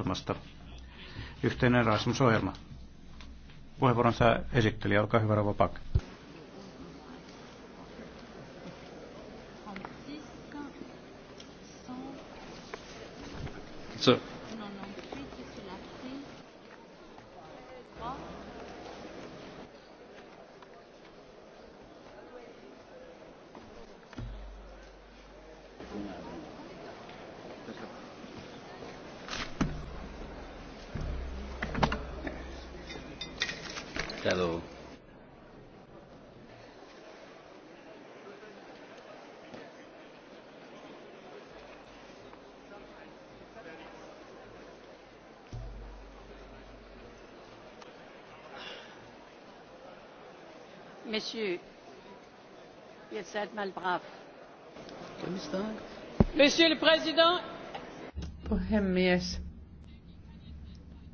ohjelmasta Yhteinen rasmus ohjelma Puheenvuoronsa esitteli, olkaa hyvä Rova Pak. So, seid mal brav. Monsieur le Puhemies.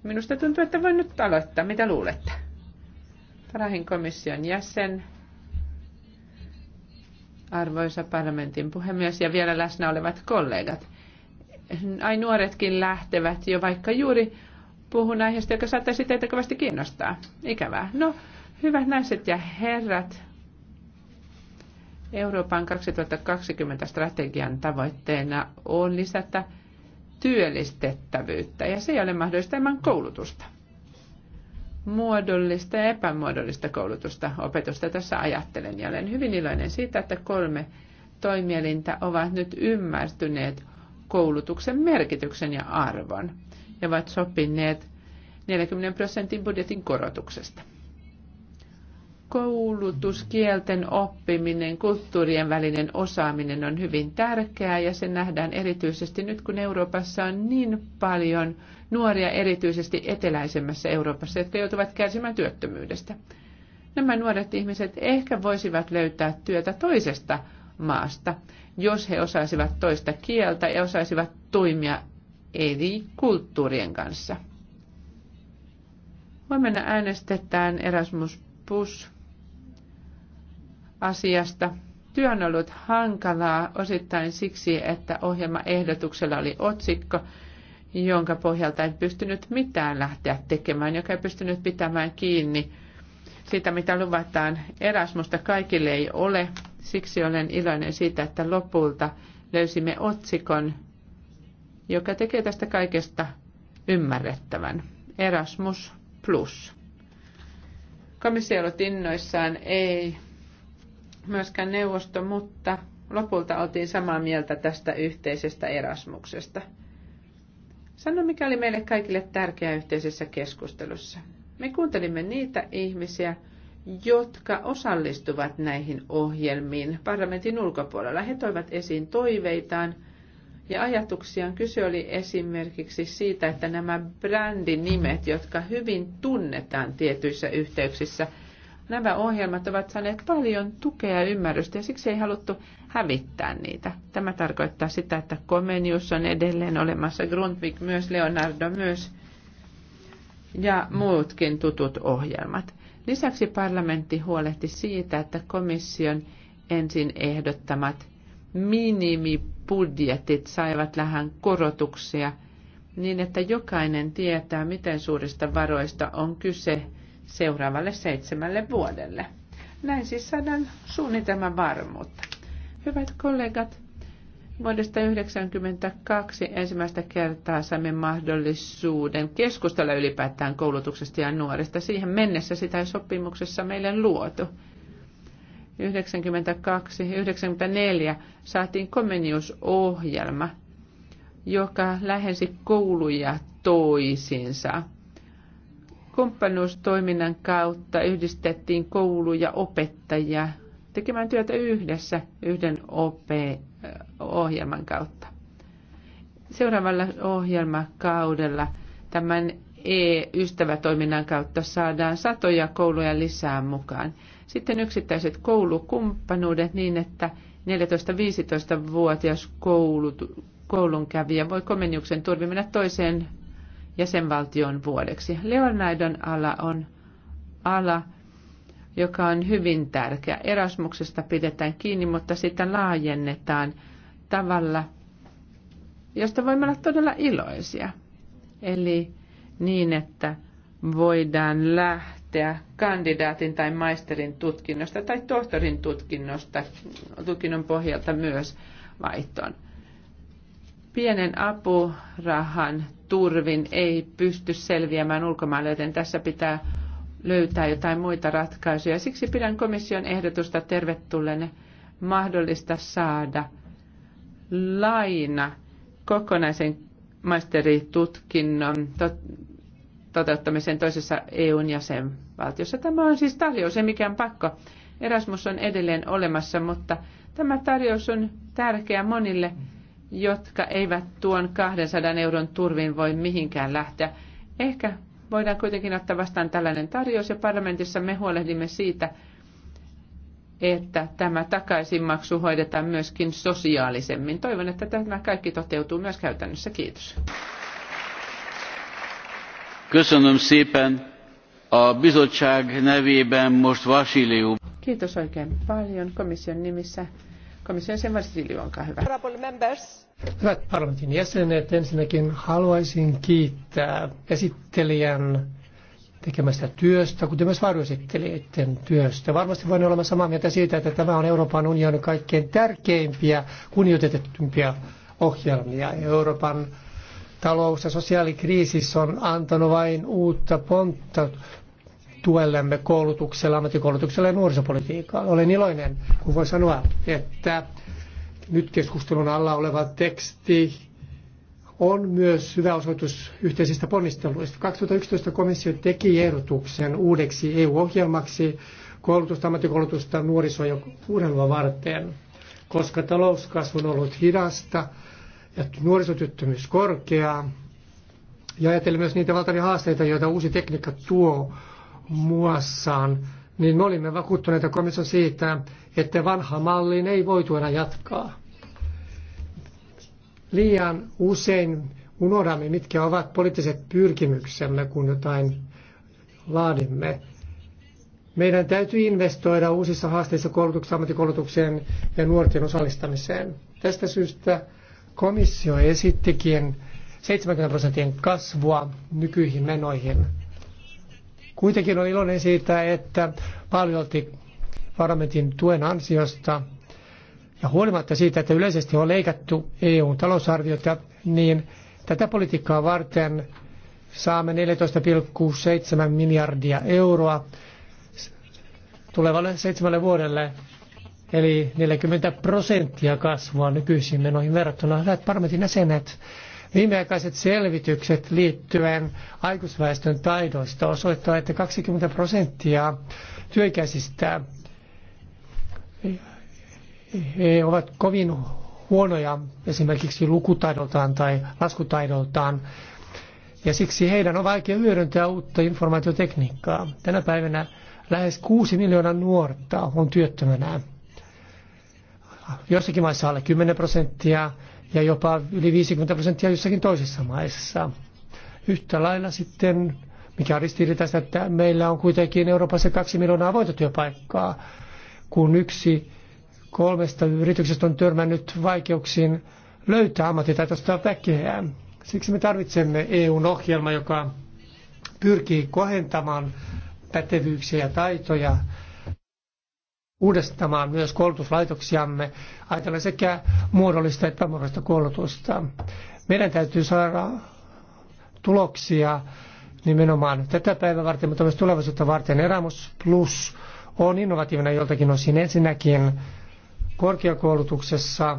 Minusta tuntuu, että voin nyt aloittaa. Mitä luulette? Parahin komission jäsen, arvoisa parlamentin puhemies ja vielä läsnä olevat kollegat. Ai nuoretkin lähtevät jo, vaikka juuri puhun aiheesta, joka saattaisi teitä kovasti kiinnostaa. Ikävää. No, Hyvät naiset ja herrat, Euroopan 2020 strategian tavoitteena on lisätä työllistettävyyttä ja se ei ole mahdollista ilman koulutusta. Muodollista ja epämuodollista koulutusta, opetusta tässä ajattelen ja olen hyvin iloinen siitä, että kolme toimielintä ovat nyt ymmärtyneet koulutuksen merkityksen ja arvon ja ovat sopineet 40 prosentin budjetin korotuksesta. Koulutus, kielten oppiminen, kulttuurien välinen osaaminen on hyvin tärkeää ja se nähdään erityisesti nyt, kun Euroopassa on niin paljon nuoria, erityisesti eteläisemmässä Euroopassa, jotka joutuvat kärsimään työttömyydestä. Nämä nuoret ihmiset ehkä voisivat löytää työtä toisesta maasta, jos he osaisivat toista kieltä ja osaisivat toimia eri kulttuurien kanssa. Huomenna äänestetään Erasmus Plus asiasta. Työ on ollut hankalaa osittain siksi, että ohjelmaehdotuksella oli otsikko, jonka pohjalta en pystynyt mitään lähteä tekemään, joka ei pystynyt pitämään kiinni siitä, mitä luvataan. Erasmusta kaikille ei ole, siksi olen iloinen siitä, että lopulta löysimme otsikon, joka tekee tästä kaikesta ymmärrettävän. Erasmus Plus. Komissio innoissaan, ei myöskään neuvosto, mutta lopulta oltiin samaa mieltä tästä yhteisestä Erasmuksesta. Sano, mikä oli meille kaikille tärkeää yhteisessä keskustelussa. Me kuuntelimme niitä ihmisiä, jotka osallistuvat näihin ohjelmiin parlamentin ulkopuolella. He toivat esiin toiveitaan ja ajatuksiaan. Kyse oli esimerkiksi siitä, että nämä brändinimet, jotka hyvin tunnetaan tietyissä yhteyksissä – Nämä ohjelmat ovat saaneet paljon tukea ja ymmärrystä ja siksi ei haluttu hävittää niitä. Tämä tarkoittaa sitä, että Comenius on edelleen olemassa, Grundvik myös, Leonardo myös ja muutkin tutut ohjelmat. Lisäksi parlamentti huolehti siitä, että komission ensin ehdottamat minimibudjetit saivat lähän korotuksia niin, että jokainen tietää, miten suurista varoista on kyse seuraavalle seitsemälle vuodelle. Näin siis saadaan suunnitelman varmuutta. Hyvät kollegat, vuodesta 1992 ensimmäistä kertaa saimme mahdollisuuden keskustella ylipäätään koulutuksesta ja nuorista. Siihen mennessä sitä ei sopimuksessa meille luotu. 1992-1994 saatiin komeniusohjelma, joka lähensi kouluja toisiinsa – Kumppanuustoiminnan kautta yhdistettiin koulu ja opettajia tekemään työtä yhdessä yhden OP-ohjelman kautta. Seuraavalla ohjelmakaudella tämän e-ystävätoiminnan kautta saadaan satoja kouluja lisää mukaan. Sitten yksittäiset koulukumppanuudet niin, että 14-15-vuotias koulun kävijä voi komennuksen turvi mennä toiseen jäsenvaltion vuodeksi. Leonaidon ala on ala, joka on hyvin tärkeä. Erasmuksesta pidetään kiinni, mutta sitä laajennetaan tavalla, josta voimme olla todella iloisia. Eli niin, että voidaan lähteä kandidaatin tai maisterin tutkinnosta tai tohtorin tutkinnosta, tutkinnon pohjalta myös vaihtoon. Pienen apurahan turvin ei pysty selviämään ulkomaille, joten tässä pitää löytää jotain muita ratkaisuja. Siksi pidän komission ehdotusta tervetulleena mahdollista saada laina kokonaisen maisteritutkinnon toteuttamisen toisessa EUn jäsenvaltiossa. Tämä on siis tarjous, ei mikään pakko. Erasmus on edelleen olemassa, mutta tämä tarjous on tärkeä monille jotka eivät tuon 200 euron turvin voi mihinkään lähteä. Ehkä voidaan kuitenkin ottaa vastaan tällainen tarjous ja parlamentissa me huolehdimme siitä, että tämä takaisinmaksu hoidetaan myöskin sosiaalisemmin. Toivon, että tämä kaikki toteutuu myös käytännössä. Kiitos. A most Vasiliu. Kiitos oikein paljon komission nimissä. Komission sen Vassilio, olkaa hyvä. Hyvät parlamentin jäsenet, ensinnäkin haluaisin kiittää esittelijän tekemästä työstä, kuten myös varjoesittelijöiden työstä. Varmasti voin olla samaa mieltä siitä, että tämä on Euroopan unionin kaikkein tärkeimpiä, kunnioitetumpia ohjelmia. Euroopan talous- ja sosiaalikriisissä on antanut vain uutta pontta tuellemme koulutuksella, ammattikoulutuksella ja nuorisopolitiikalla. Olen iloinen, kun voin sanoa, että nyt keskustelun alla oleva teksti on myös hyvä osoitus yhteisistä ponnisteluista. 2011 komissio teki ehdotuksen uudeksi EU-ohjelmaksi koulutusta, ammattikoulutusta, nuorisoa ja urheilua varten, koska talouskasvu on ollut hidasta ja nuorisotyttömyys korkeaa. Ja ajatellen myös niitä valtavia haasteita, joita uusi tekniikka tuo muassaan, niin me olimme vakuuttuneita komissio siitä, että vanha malliin ei voitu enää jatkaa. Liian usein unohdamme, mitkä ovat poliittiset pyrkimyksemme, kun jotain laadimme. Meidän täytyy investoida uusissa haasteissa koulutuksen, ammattikoulutukseen ja nuorten osallistamiseen. Tästä syystä komissio esittikin 70 prosentin kasvua nykyihin menoihin. Kuitenkin on iloinen siitä, että paljolti parlamentin tuen ansiosta ja huolimatta siitä, että yleisesti on leikattu EUn talousarviota, niin tätä politiikkaa varten saamme 14,7 miljardia euroa tulevalle seitsemälle vuodelle, eli 40 prosenttia kasvua nykyisiin menoihin verrattuna. Hyvät parlamentin jäsenet, Viimeaikaiset selvitykset liittyen aikuisväestön taidoista osoittavat, että 20 prosenttia työikäisistä he ovat kovin huonoja esimerkiksi lukutaidoltaan tai laskutaidoltaan, ja siksi heidän on vaikea hyödyntää uutta informaatiotekniikkaa. Tänä päivänä lähes 6 miljoonaa nuorta on työttömänä. Jossakin maissa alle 10 prosenttia, ja jopa yli 50 prosenttia jossakin toisessa maissa. Yhtä lailla sitten, mikä on ristiriitaista, että meillä on kuitenkin Euroopassa kaksi miljoonaa avointa työpaikkaa, kun yksi kolmesta yrityksestä on törmännyt vaikeuksiin löytää ammattitaitoista väkeä. Siksi me tarvitsemme EUn ohjelma, joka pyrkii kohentamaan pätevyyksiä ja taitoja uudistamaan myös koulutuslaitoksiamme, ajatellen sekä muodollista että epämuodollista koulutusta. Meidän täytyy saada tuloksia nimenomaan tätä päivää varten, mutta myös tulevaisuutta varten. Erasmus Plus on innovatiivinen joltakin osin. Ensinnäkin korkeakoulutuksessa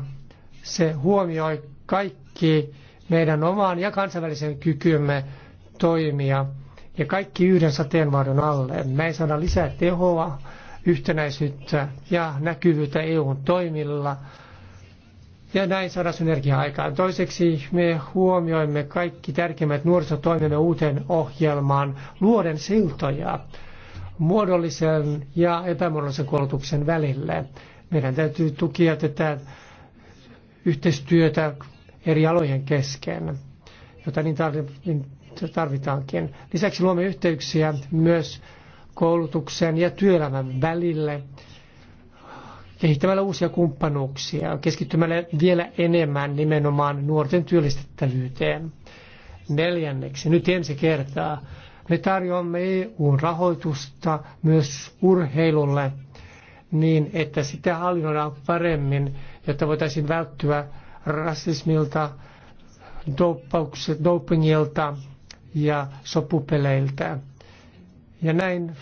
se huomioi kaikki meidän omaan ja kansainvälisen kykymme toimia ja kaikki yhden sateenvarjon alle. Me ei saada lisää tehoa yhtenäisyyttä ja näkyvyyttä EUn toimilla ja näin saada synergia aikaan. Toiseksi me huomioimme kaikki tärkeimmät nuorisotoimemme uuteen ohjelmaan luoden siltoja muodollisen ja epämuodollisen koulutuksen välille. Meidän täytyy tukia tätä yhteistyötä eri alojen kesken, jota niin, niin tarvitaankin. Lisäksi luomme yhteyksiä myös koulutuksen ja työelämän välille kehittämällä uusia kumppanuuksia, keskittymällä vielä enemmän nimenomaan nuorten työllistettävyyteen. Neljänneksi, nyt ensi kertaa, me tarjoamme eu rahoitusta myös urheilulle niin, että sitä hallinnoidaan paremmin, jotta voitaisiin välttyä rasismilta, dopingilta ja sopupeleiltä. Ja näin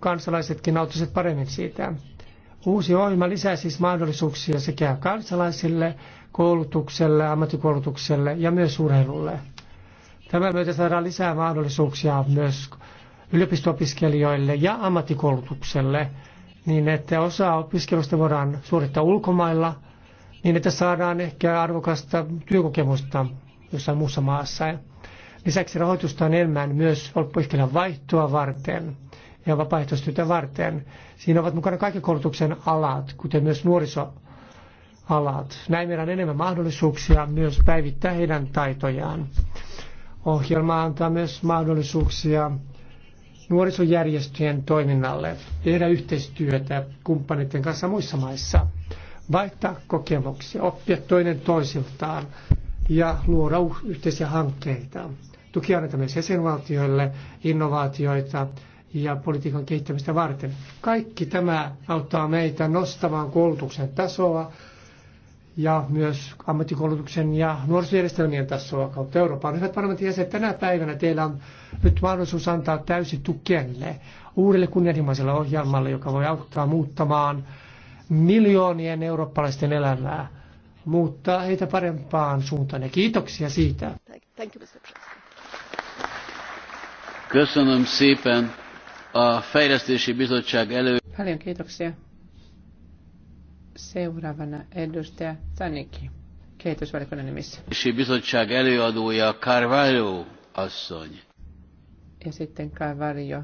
kansalaisetkin nauttisivat paremmin siitä. Uusi ohjelma lisää siis mahdollisuuksia sekä kansalaisille, koulutukselle, ammattikoulutukselle ja myös urheilulle. Tämän myötä saadaan lisää mahdollisuuksia myös yliopisto-opiskelijoille ja ammattikoulutukselle, niin että osa opiskelusta voidaan suorittaa ulkomailla, niin että saadaan ehkä arvokasta työkokemusta jossain muussa maassa. Lisäksi rahoitusta on enemmän myös opiskelijan vaihtoa varten ja vapaaehtoistyötä varten. Siinä ovat mukana kaikki koulutuksen alat, kuten myös nuorisoalat. Näin meillä on enemmän mahdollisuuksia myös päivittää heidän taitojaan. Ohjelma antaa myös mahdollisuuksia nuorisojärjestöjen toiminnalle, tehdä yhteistyötä kumppaneiden kanssa muissa maissa, vaihtaa kokemuksia, oppia toinen toisiltaan ja luoda yhteisiä hankkeita. Tukia annetaan myös jäsenvaltioille, innovaatioita ja politiikan kehittämistä varten. Kaikki tämä auttaa meitä nostamaan koulutuksen tasoa ja myös ammattikoulutuksen ja nuorisojärjestelmien tasoa kautta Euroopan. Hyvät parlamentin jäsenet, tänä päivänä teillä on nyt mahdollisuus antaa täysi tukenne uudelle kunnianhimoiselle ohjelmalle, joka voi auttaa muuttamaan miljoonien eurooppalaisten elämää, muuttaa heitä parempaan suuntaan. Ja kiitoksia siitä. Thank you, Mr. Köszönöm szépen a Fejlesztési Bizottság elő... Paljon kiitoksia. Seuraavana edustaja Tanikki, kehitysvaliokunnan nimissä. Bizottság előadója Carvalho asszony. Ja sitten Carvalho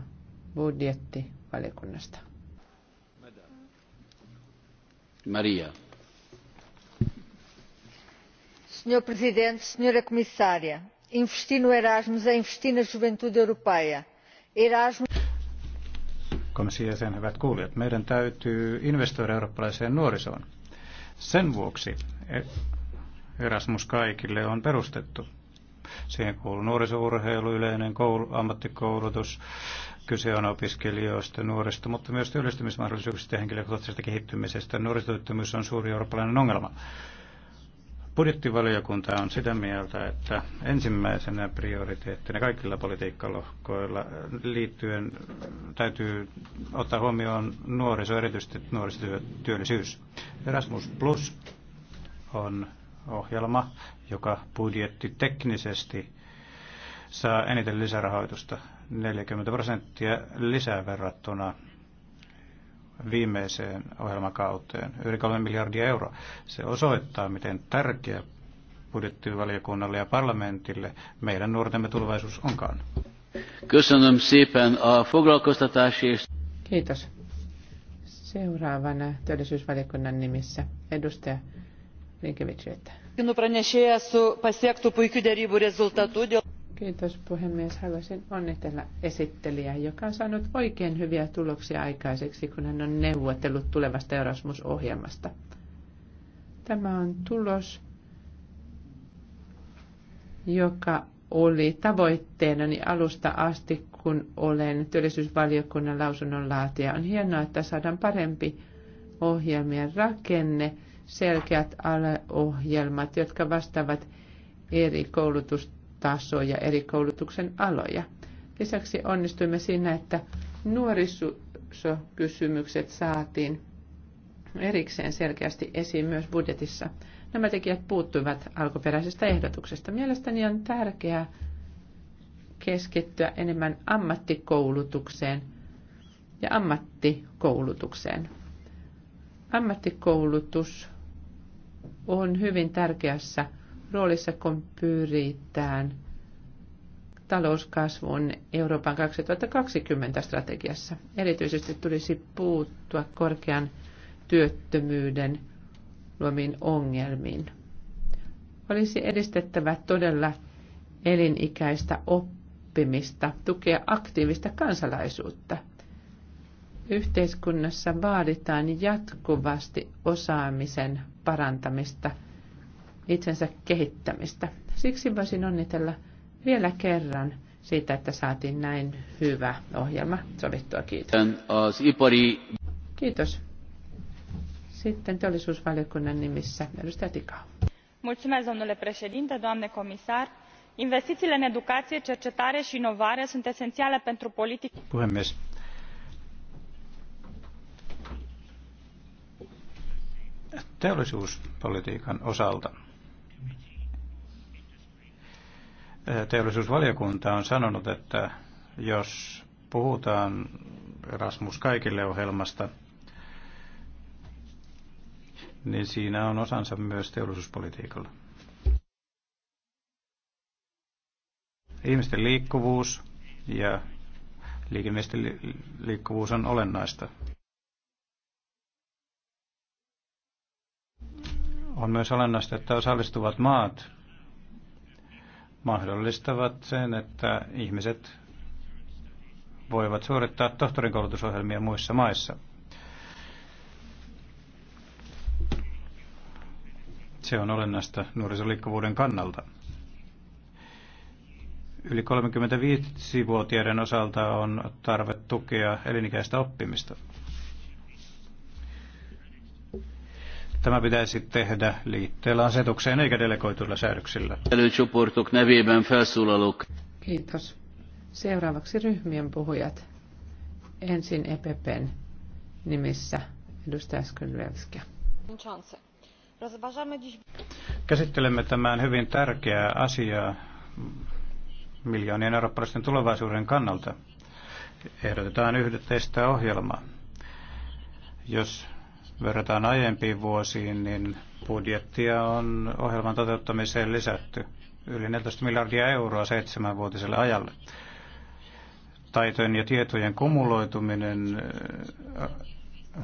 budjettivaliokunnasta. Maria. Signor Presidente, signora Commissaria, investir no Erasmus é investir na juventude europeia. Erasmus... Komission jäsen, hyvät kuulijat, meidän täytyy investoida eurooppalaiseen nuorisoon. Sen vuoksi Erasmus kaikille on perustettu. Siihen kuuluu nuorisourheilu, yleinen koulu, ammattikoulutus, kyse on opiskelijoista, nuorista, mutta myös työllistymismahdollisuuksista ja henkilökohtaisesta kehittymisestä. Nuorisotyöttömyys on suuri eurooppalainen ongelma. Budjettivaliokunta on sitä mieltä, että ensimmäisenä prioriteettina kaikilla politiikkalohkoilla äh, liittyen täytyy ottaa huomioon nuoriso, erityisesti nuorisotyöllisyys. Erasmus Plus on ohjelma, joka budjetti teknisesti saa eniten lisärahoitusta 40 prosenttia lisää verrattuna viimeiseen ohjelmakauteen, yli 3 miljardia euroa. Se osoittaa, miten tärkeä budjettivaliokunnalle ja parlamentille meidän nuortemme tulevaisuus onkaan. Kiitos. Seuraavana työllisyysvaliokunnan nimissä edustaja Rinkevich. Kiitos puhemies. Haluaisin onnitella esittelijää, joka on saanut oikein hyviä tuloksia aikaiseksi, kun hän on neuvotellut tulevasta Erasmus-ohjelmasta. Tämä on tulos, joka oli tavoitteenani niin alusta asti, kun olen työllisyysvaliokunnan lausunnon laatija. On hienoa, että saadaan parempi ohjelmien rakenne, selkeät alaohjelmat, jotka vastaavat eri koulutusta tasoja, eri koulutuksen aloja. Lisäksi onnistuimme siinä, että nuorisokysymykset saatiin erikseen selkeästi esiin myös budjetissa. Nämä tekijät puuttuivat alkuperäisestä ehdotuksesta. Mielestäni on tärkeää keskittyä enemmän ammattikoulutukseen ja ammattikoulutukseen. Ammattikoulutus on hyvin tärkeässä roolissa, kun pyritään talouskasvun Euroopan 2020 strategiassa. Erityisesti tulisi puuttua korkean työttömyyden luomiin ongelmiin. Olisi edistettävä todella elinikäistä oppimista, tukea aktiivista kansalaisuutta. Yhteiskunnassa vaaditaan jatkuvasti osaamisen parantamista – itsensä kehittämistä. Siksi voisin onnitella vielä kerran siitä, että saatiin näin hyvä ohjelma sovittua. Kiitos. Kiitos. Sitten teollisuusvaliokunnan nimissä edustaja Tikau. Mulțumesc, domnule președinte, doamne comisar. Investițiile în educație, cercetare și inovare sunt esențiale pentru politică. Puhemies. Teollisuuspolitiikan osalta teollisuusvaliokunta on sanonut, että jos puhutaan Erasmus kaikille ohjelmasta, niin siinä on osansa myös teollisuuspolitiikalla. Ihmisten liikkuvuus ja liikemiesten liikkuvuus on olennaista. On myös olennaista, että osallistuvat maat mahdollistavat sen, että ihmiset voivat suorittaa tohtorinkoulutusohjelmia muissa maissa. Se on olennaista nuorisoliikkuvuuden kannalta. Yli 35-vuotiaiden osalta on tarve tukea elinikäistä oppimista. Tämä pitäisi tehdä liitteellä asetukseen eikä delegoituilla säädöksillä. Kiitos. Seuraavaksi ryhmien puhujat. Ensin EPPn nimissä edustaja Skryvelskia. Käsittelemme tämän hyvin tärkeää asiaa miljoonien eurooppalaisten tulevaisuuden kannalta. Ehdotetaan yhdeteistä ohjelmaa. Jos verrataan aiempiin vuosiin, niin budjettia on ohjelman toteuttamiseen lisätty yli 14 miljardia euroa seitsemänvuotiselle ajalle. Taitojen ja tietojen kumuloituminen äh,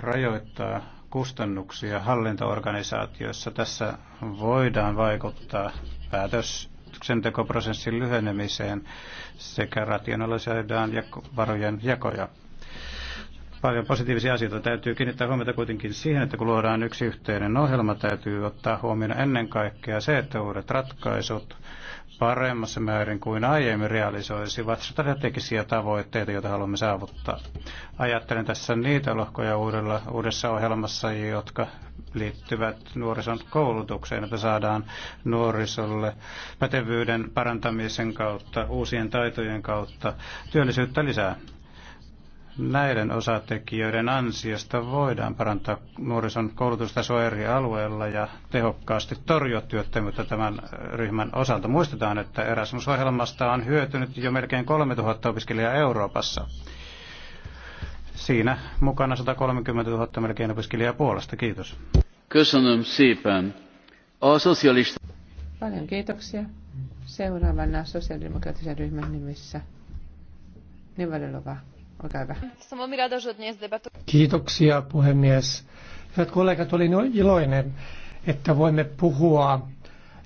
rajoittaa kustannuksia hallintoorganisaatioissa. Tässä voidaan vaikuttaa päätöksentekoprosessin lyhenemiseen sekä rationalisoidaan varojen jakoja paljon positiivisia asioita. Täytyy kiinnittää huomiota kuitenkin siihen, että kun luodaan yksi yhteinen ohjelma, täytyy ottaa huomioon ennen kaikkea se, että uudet ratkaisut paremmassa määrin kuin aiemmin realisoisivat strategisia tavoitteita, joita haluamme saavuttaa. Ajattelen tässä niitä lohkoja uudella, uudessa ohjelmassa, jotka liittyvät nuorison koulutukseen, että saadaan nuorisolle pätevyyden parantamisen kautta, uusien taitojen kautta työllisyyttä lisää näiden osatekijöiden ansiosta voidaan parantaa nuorison koulutustasoa eri alueilla ja tehokkaasti torjua työttömyyttä tämän ryhmän osalta. Muistetaan, että Erasmus-ohjelmasta on hyötynyt jo melkein 3000 opiskelijaa Euroopassa. Siinä mukana 130 000 melkein opiskelijaa puolesta. Kiitos. Paljon kiitoksia. Seuraavana sosiaalidemokraattisen ryhmän nimissä Nevalelova Olkaa hyvä. Kiitoksia puhemies. Hyvät kollegat, olin iloinen, että voimme puhua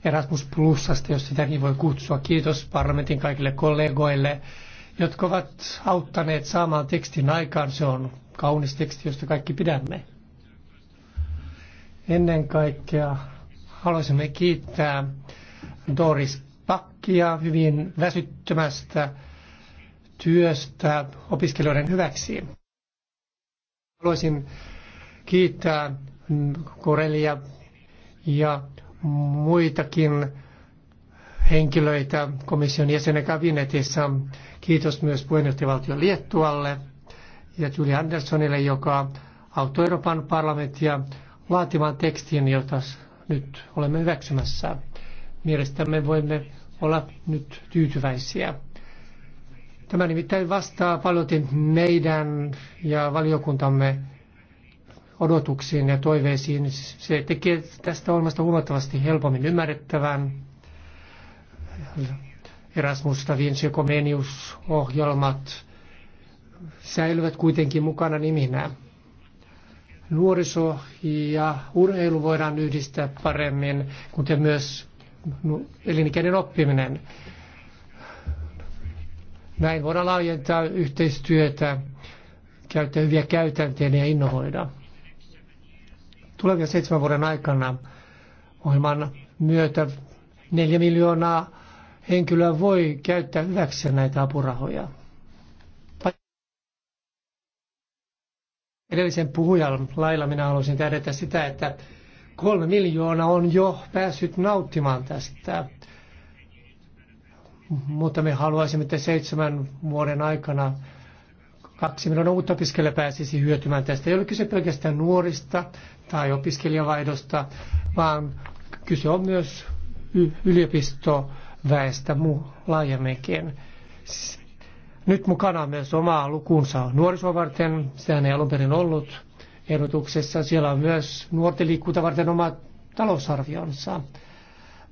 Erasmus Plusasta, jos sitäkin voi kutsua. Kiitos parlamentin kaikille kollegoille, jotka ovat auttaneet saamaan tekstin aikaan. Se on kaunis teksti, josta kaikki pidämme. Ennen kaikkea haluaisimme kiittää Doris Pakkia hyvin väsyttömästä työstä opiskelijoiden hyväksi. Haluaisin kiittää Korelia ja muitakin henkilöitä komission jäsenen kabinetissa. Kiitos myös puheenjohtajavaltio Liettualle ja Julia Anderssonille, joka auttoi Euroopan parlamenttia laatimaan tekstin, jota nyt olemme hyväksymässä. Mielestämme voimme olla nyt tyytyväisiä. Tämä nimittäin vastaa paljon meidän ja valiokuntamme odotuksiin ja toiveisiin. Se tekee tästä olemasta huomattavasti helpommin ymmärrettävän. Erasmus da Vinci Comenius-ohjelmat säilyvät kuitenkin mukana niminä. Nuoriso ja urheilu voidaan yhdistää paremmin, kuten myös elinikäinen oppiminen. Näin voidaan laajentaa yhteistyötä, käyttää hyviä käytänteitä ja innovoida. Tulevien seitsemän vuoden aikana ohjelman myötä neljä miljoonaa henkilöä voi käyttää hyväksi näitä apurahoja. Edellisen puhujan lailla minä haluaisin tähdätä sitä, että kolme miljoonaa on jo päässyt nauttimaan tästä mutta me haluaisimme, että seitsemän vuoden aikana kaksi miljoonaa uutta opiskelijaa pääsisi hyötymään tästä. Ei ole kyse pelkästään nuorista tai opiskelijavaihdosta, vaan kyse on myös yliopistoväestä laajemminkin. Nyt mukana on myös omaa lukunsa nuorisoa varten, sehän ei alun perin ollut ehdotuksessa. Siellä on myös nuorten liikkuuta varten oma talousarvionsa.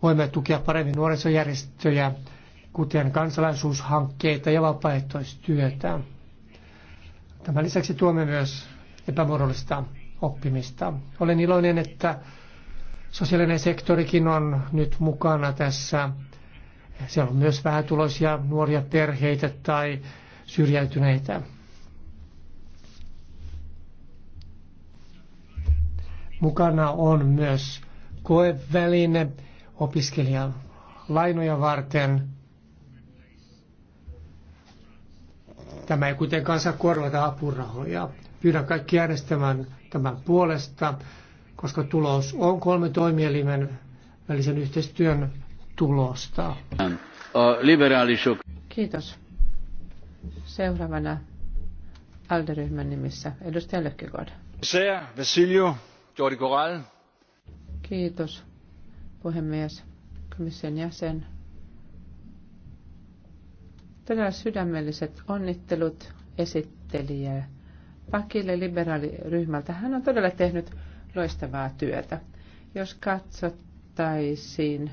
Voimme tukea paremmin nuorisojärjestöjä, kuten kansalaisuushankkeita ja vapaaehtoistyötä. Tämän lisäksi tuomme myös epämuodollista oppimista. Olen iloinen, että sosiaalinen sektorikin on nyt mukana tässä. Siellä on myös vähätuloisia nuoria perheitä tai syrjäytyneitä. Mukana on myös koeväline opiskelijan lainoja varten – Tämä ei kuitenkaan saa korvata apurahoja. Pyydän kaikki järjestämään tämän puolesta, koska tulos on kolme toimielimen välisen yhteistyön tulosta. Kiitos. Seuraavana ALDE-ryhmän nimissä edustaja Lökkikod. Jordi Kiitos, puhemies, komission jäsen, Todella sydämelliset onnittelut esittelijä Pakille liberaaliryhmältä. Hän on todella tehnyt loistavaa työtä. Jos katsottaisiin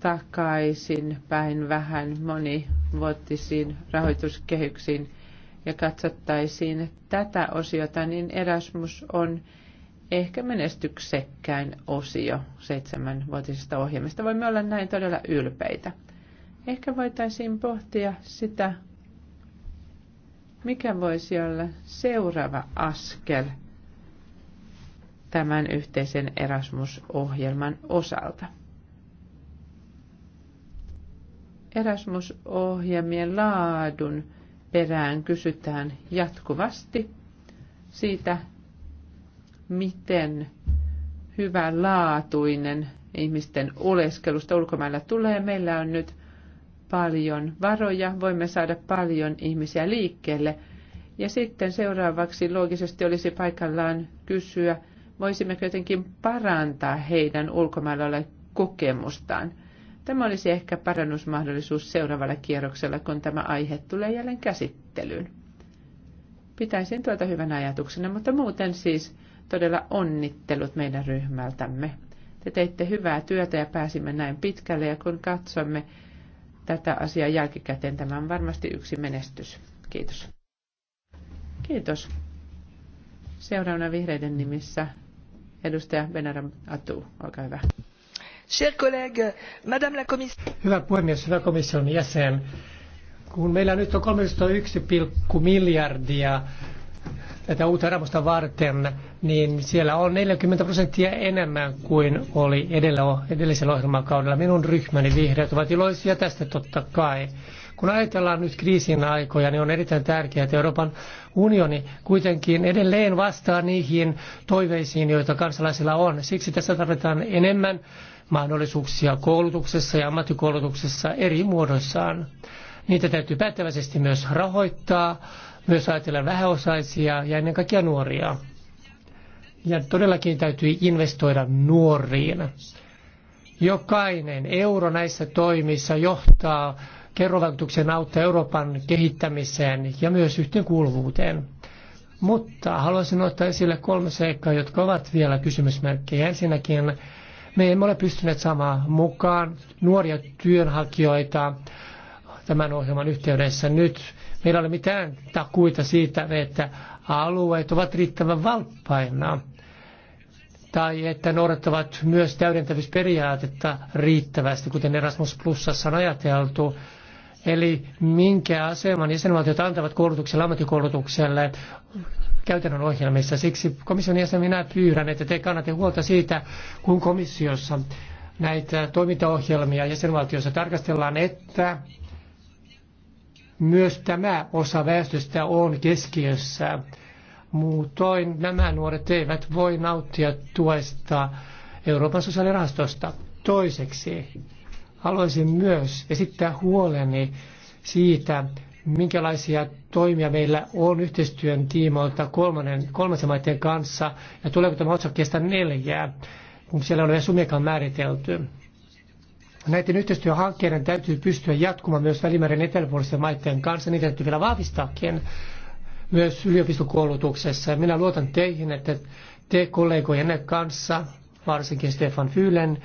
takaisin päin vähän monivuotisiin rahoituskehyksiin ja katsottaisiin tätä osiota, niin Erasmus on ehkä menestyksekkäin osio seitsemänvuotisesta ohjelmista. Voimme olla näin todella ylpeitä. Ehkä voitaisiin pohtia sitä, mikä voisi olla seuraava askel tämän yhteisen Erasmus-ohjelman osalta. Erasmus-ohjelmien laadun perään kysytään jatkuvasti. Siitä miten hyvänlaatuinen ihmisten oleskelusta ulkomailla tulee. Meillä on nyt paljon varoja, voimme saada paljon ihmisiä liikkeelle. Ja sitten seuraavaksi loogisesti olisi paikallaan kysyä, voisimmeko jotenkin parantaa heidän ulkomailla kokemustaan. Tämä olisi ehkä parannusmahdollisuus seuraavalla kierroksella, kun tämä aihe tulee jälleen käsittelyyn. Pitäisin tuota hyvän ajatuksena, mutta muuten siis todella onnittelut meidän ryhmältämme. Te teitte hyvää työtä ja pääsimme näin pitkälle ja kun katsomme tätä asiaa jälkikäteen, tämä on varmasti yksi menestys. Kiitos. Kiitos. Seuraavana vihreiden nimissä edustaja Benaram Atu, olkaa hyvä. Chers collègues, madame la Hyvä puhemies, hyvä komission jäsen. Kun meillä nyt on 31,1 miljardia tätä uutta ramusta varten, niin siellä on 40 prosenttia enemmän kuin oli edellä, edellisellä ohjelmakaudella. Minun ryhmäni vihreät ovat iloisia tästä totta kai. Kun ajatellaan nyt kriisin aikoja, niin on erittäin tärkeää, että Euroopan unioni kuitenkin edelleen vastaa niihin toiveisiin, joita kansalaisilla on. Siksi tässä tarvitaan enemmän mahdollisuuksia koulutuksessa ja ammattikoulutuksessa eri muodoissaan. Niitä täytyy päättäväisesti myös rahoittaa myös ajatella vähäosaisia ja ennen kaikkea nuoria. Ja todellakin täytyy investoida nuoriin. Jokainen euro näissä toimissa johtaa kerrovaikutuksen autta Euroopan kehittämiseen ja myös yhteenkuuluvuuteen. Mutta haluaisin ottaa esille kolme seikkaa, jotka ovat vielä kysymysmerkkejä. Ensinnäkin me emme ole pystyneet saamaan mukaan nuoria työnhakijoita tämän ohjelman yhteydessä nyt Meillä ole mitään takuita siitä, että alueet ovat riittävän valppaina tai että noudattavat myös täydentävyysperiaatetta riittävästi, kuten Erasmus Plusassa on ajateltu. Eli minkä aseman jäsenvaltiot antavat koulutukselle, ammattikoulutukselle käytännön ohjelmissa. Siksi komission jäsen minä pyydän, että te kannatte huolta siitä, kun komissiossa näitä toimintaohjelmia jäsenvaltioissa tarkastellaan, että myös tämä osa väestöstä on keskiössä. Muutoin nämä nuoret eivät voi nauttia tuesta Euroopan sosiaalirahastosta. Toiseksi haluaisin myös esittää huoleni siitä, minkälaisia toimia meillä on yhteistyön tiimoilta kolmannen, kolmansien maiden kanssa ja tuleeko tämä otsakkeesta neljää, kun siellä on ole summiakaan määritelty. Näiden yhteistyöhankkeiden täytyy pystyä jatkumaan myös Välimeren eteläpuolisten maiden kanssa. Niitä täytyy vielä vahvistaakin myös yliopistokoulutuksessa. Minä luotan teihin, että te kollegojenne kanssa, varsinkin Stefan Fyylen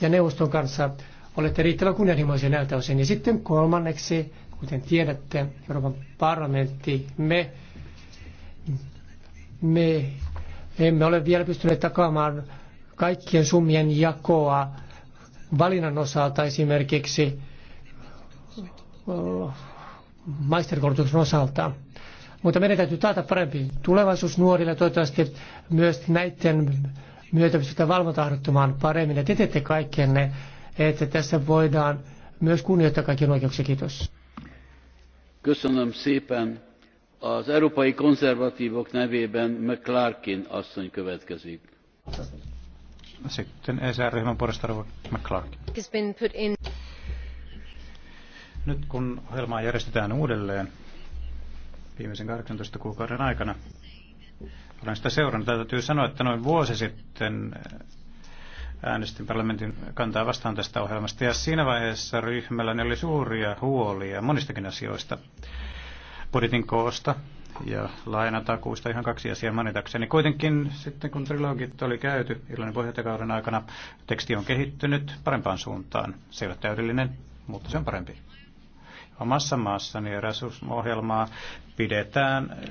ja neuvoston kanssa, olette riittävän kunnianhimoisia näiltä osin. Ja sitten kolmanneksi, kuten tiedätte, Euroopan parlamentti, me, me emme ole vielä pystyneet takaamaan kaikkien summien jakoa valinnan osalta esimerkiksi äh, maisterikoulutuksen osalta. Mutta meidän täytyy taata parempi tulevaisuus nuorille. Toivottavasti myös näiden myötä pystytään valvontaharjoittamaan paremmin. Ja te teette kaikkenne, että tässä voidaan myös kunnioittaa kaikkien oikeuksia. Kiitos. Köszönöm szépen. Az európai konzervatívok nevében McClarkin asszony következik. Sitten ECR-ryhmän puolesta Rova McClark. Nyt kun ohjelmaa järjestetään uudelleen viimeisen 18 kuukauden aikana, olen sitä seurannut. Täytyy sanoa, että noin vuosi sitten eh, äänestin parlamentin kantaa vastaan tästä ohjelmasta. Ja siinä vaiheessa ryhmällä ne oli suuria huolia monistakin asioista. Budjetin koosta, ja lainatakuista ihan kaksi asiaa mainitakseni. Kuitenkin sitten kun trilogit oli käyty Irlannin puheenjohtajakauden aikana, teksti on kehittynyt parempaan suuntaan. Se ei ole täydellinen, mutta se on parempi. Omassa maassani Erasmus-ohjelmaa pidetään eh,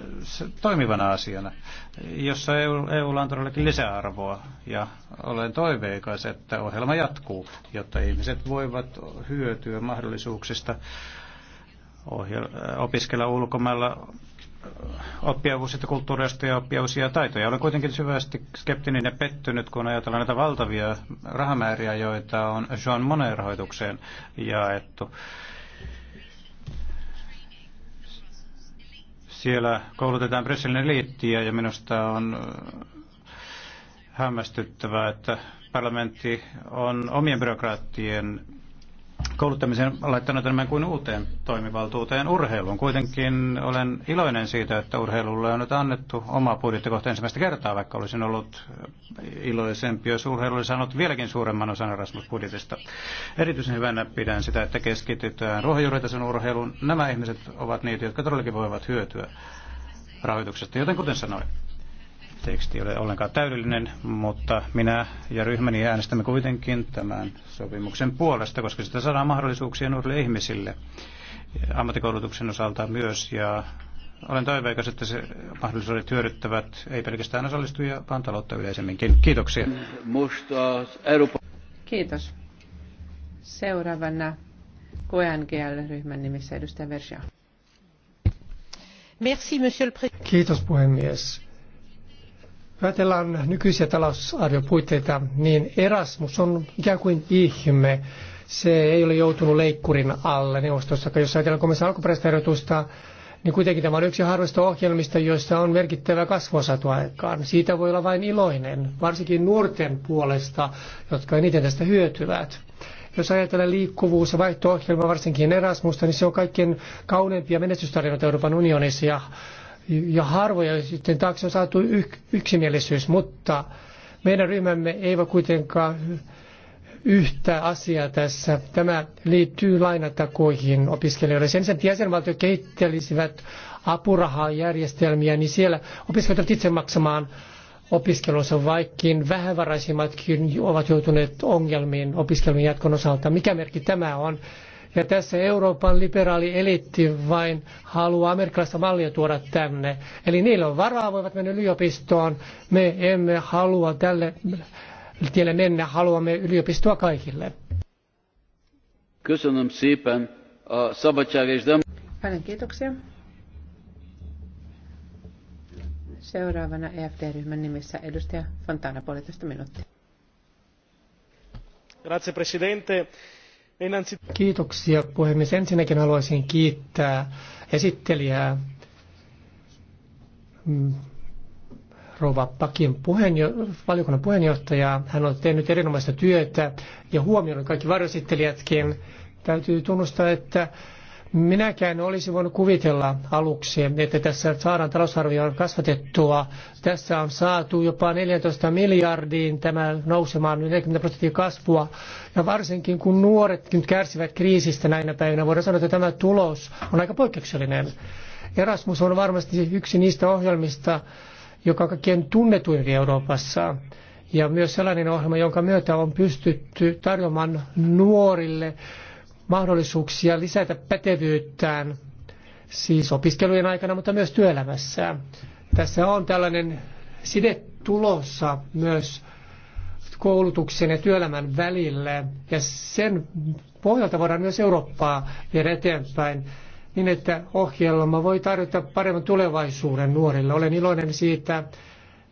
toimivana asiana, jossa EUlla on todellakin lisäarvoa. Ja olen toiveikas, että ohjelma jatkuu, jotta ihmiset voivat hyötyä mahdollisuuksista opiskella ulkomailla oppia uusista kulttuureista ja oppia uusia taitoja. Olen kuitenkin syvästi skeptinen ja pettynyt, kun ajatellaan näitä valtavia rahamääriä, joita on Jean Monnet rahoitukseen jaettu. Siellä koulutetaan Brysselin eliittiä ja minusta on äh, hämmästyttävää, että parlamentti on omien byrokraattien kouluttamisen laittanut enemmän kuin uuteen toimivaltuuteen urheiluun. Kuitenkin olen iloinen siitä, että urheilulle on nyt annettu oma budjettikohta ensimmäistä kertaa, vaikka olisin ollut iloisempi, jos urheilu olisi saanut vieläkin suuremman osan Erasmus-budjetista. Erityisen hyvänä pidän sitä, että keskitytään ruohonjuuritason urheiluun. Nämä ihmiset ovat niitä, jotka todellakin voivat hyötyä rahoituksesta, joten kuten sanoin, teksti ei ole ollenkaan täydellinen, mutta minä ja ryhmäni äänestämme kuitenkin tämän sopimuksen puolesta, koska sitä saadaan mahdollisuuksia nuorille ihmisille ammattikoulutuksen osalta myös ja olen toiveikas, että se mahdollisuudet hyödyttävät ei pelkästään osallistujia, vaan taloutta yleisemminkin. Kiitoksia. Kiitos. Seuraavana KNGL-ryhmän nimissä edustaja Verja. Merci, monsieur le Kiitos puhemies ajatellaan nykyisiä talousarviopuitteita, niin Erasmus on ikään kuin ihme. Se ei ole joutunut leikkurin alle neuvostossa. Jos ajatellaan komission alkuperäistä ehdotusta, niin kuitenkin tämä on yksi harvoista ohjelmista, joissa on merkittävä kasvu saatu aikaan. Siitä voi olla vain iloinen, varsinkin nuorten puolesta, jotka eniten tästä hyötyvät. Jos ajatellaan liikkuvuus- ja vaihto-ohjelma, varsinkin Erasmusta, niin se on kaikkien kauneimpia menestystarinoita Euroopan unionissa ja ja harvoja sitten taakse on saatu yksimielisyys, mutta meidän ryhmämme ei voi kuitenkaan yhtä asiaa tässä. Tämä liittyy lainatakoihin opiskelijoille. Sen sen jäsenvaltiot kehittelisivät apurahajärjestelmiä, niin siellä opiskelijat ovat itse maksamaan opiskelunsa, vaikkin vähävaraisimmatkin ovat joutuneet ongelmiin opiskelun jatkon osalta. Mikä merkki tämä on? Ja tässä Euroopan liberaali eliitti vain haluaa amerikkalaista mallia tuoda tänne. Eli niillä on varaa, voivat mennä yliopistoon. Me emme halua tälle tielle mennä, haluamme yliopistoa kaikille. Kysynnöm szépen Paljon kiitoksia. Seuraavana EFD-ryhmän nimissä edustaja Fontana, puolitoista minuuttia. Grazie Presidente Kiitoksia puhemies. Ensinnäkin haluaisin kiittää esittelijää mm, Rova Pakin puheenjo- valiokunnan puheenjohtajaa. Hän on tehnyt erinomaista työtä ja huomioinut kaikki varjoesittelijätkin. Täytyy tunnustaa, että Minäkään olisi voinut kuvitella aluksi, että tässä saadaan talousarvioon kasvatettua. Tässä on saatu jopa 14 miljardiin tämä nousemaan 40 prosenttia kasvua. Ja varsinkin kun nuoret nyt kärsivät kriisistä näinä päivinä, voidaan sanoa, että tämä tulos on aika poikkeuksellinen. Erasmus on varmasti yksi niistä ohjelmista, joka on kaikkien tunnetuin Euroopassa. Ja myös sellainen ohjelma, jonka myötä on pystytty tarjoamaan nuorille mahdollisuuksia lisätä pätevyyttään, siis opiskelujen aikana, mutta myös työelämässä. Tässä on tällainen side tulossa myös koulutuksen ja työelämän välille, ja sen pohjalta voidaan myös Eurooppaa viedä eteenpäin niin, että ohjelma voi tarjota paremman tulevaisuuden nuorille. Olen iloinen siitä,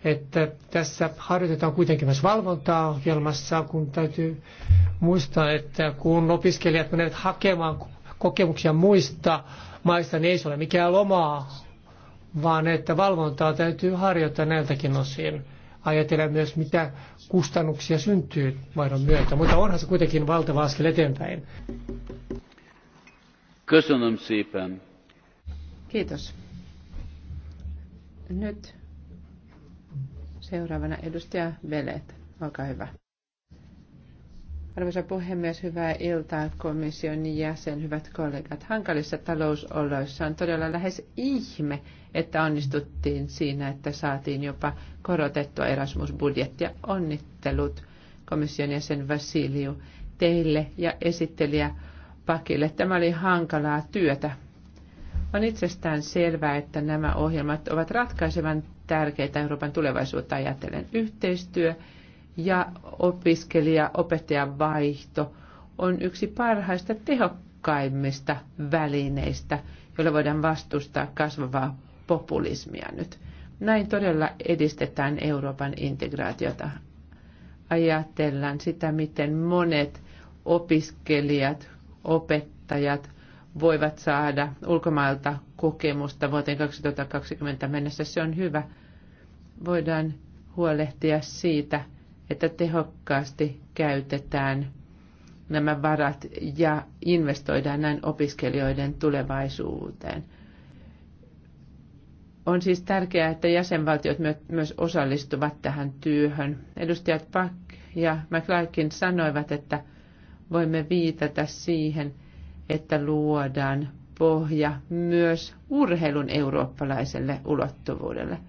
että tässä harjoitetaan kuitenkin myös valvontaa ohjelmassa, kun täytyy muistaa, että kun opiskelijat menevät hakemaan kokemuksia muista maista, niin ei se ole mikään lomaa, vaan että valvontaa täytyy harjoittaa näiltäkin osin. Ajatella myös, mitä kustannuksia syntyy vaihdon myötä, mutta onhan se kuitenkin valtava askel eteenpäin. Kiitos. Nyt Seuraavana edustaja Velet, olkaa hyvä. Arvoisa puhemies, hyvää iltaa komission jäsen, hyvät kollegat. Hankalissa talousoloissa on todella lähes ihme, että onnistuttiin siinä, että saatiin jopa korotettua Erasmus-budjettia. Onnittelut komission jäsen Vasiliu teille ja esittelijä Pakille. Tämä oli hankalaa työtä. On itsestään selvää, että nämä ohjelmat ovat ratkaisevan tärkeitä Euroopan tulevaisuutta ajatellen. Yhteistyö ja opiskelija-opettajan vaihto on yksi parhaista tehokkaimmista välineistä, joilla voidaan vastustaa kasvavaa populismia nyt. Näin todella edistetään Euroopan integraatiota. Ajatellaan sitä, miten monet opiskelijat, opettajat voivat saada ulkomailta kokemusta vuoteen 2020 mennessä. Se on hyvä voidaan huolehtia siitä, että tehokkaasti käytetään nämä varat ja investoidaan näin opiskelijoiden tulevaisuuteen. On siis tärkeää, että jäsenvaltiot myös osallistuvat tähän työhön. Edustajat Pak ja McClarkin sanoivat, että voimme viitata siihen, että luodaan pohja myös urheilun eurooppalaiselle ulottuvuudelle –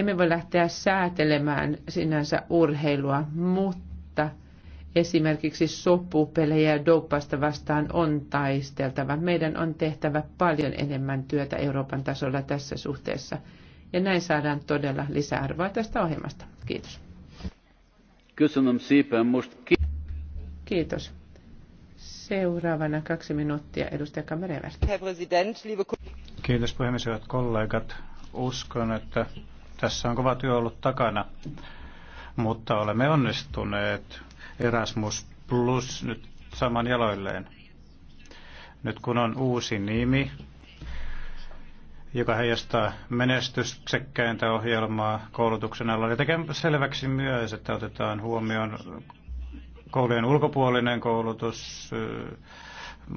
emme voi lähteä säätelemään sinänsä urheilua, mutta esimerkiksi sopupelejä doppasta vastaan on taisteltava. Meidän on tehtävä paljon enemmän työtä Euroopan tasolla tässä suhteessa. Ja näin saadaan todella lisäarvoa tästä ohjelmasta. Kiitos. Kiitos. Seuraavana kaksi minuuttia edustaja Kamerevert. Kiitos puhemies, hyvät kollegat. Uskon, että tässä on kova työ ollut takana, mutta olemme onnistuneet. Erasmus Plus nyt saman jaloilleen. Nyt kun on uusi nimi, joka heijastaa menestyksekkäintä ohjelmaa koulutuksen alalla. niin tekee selväksi myös, että otetaan huomioon koulujen ulkopuolinen koulutus,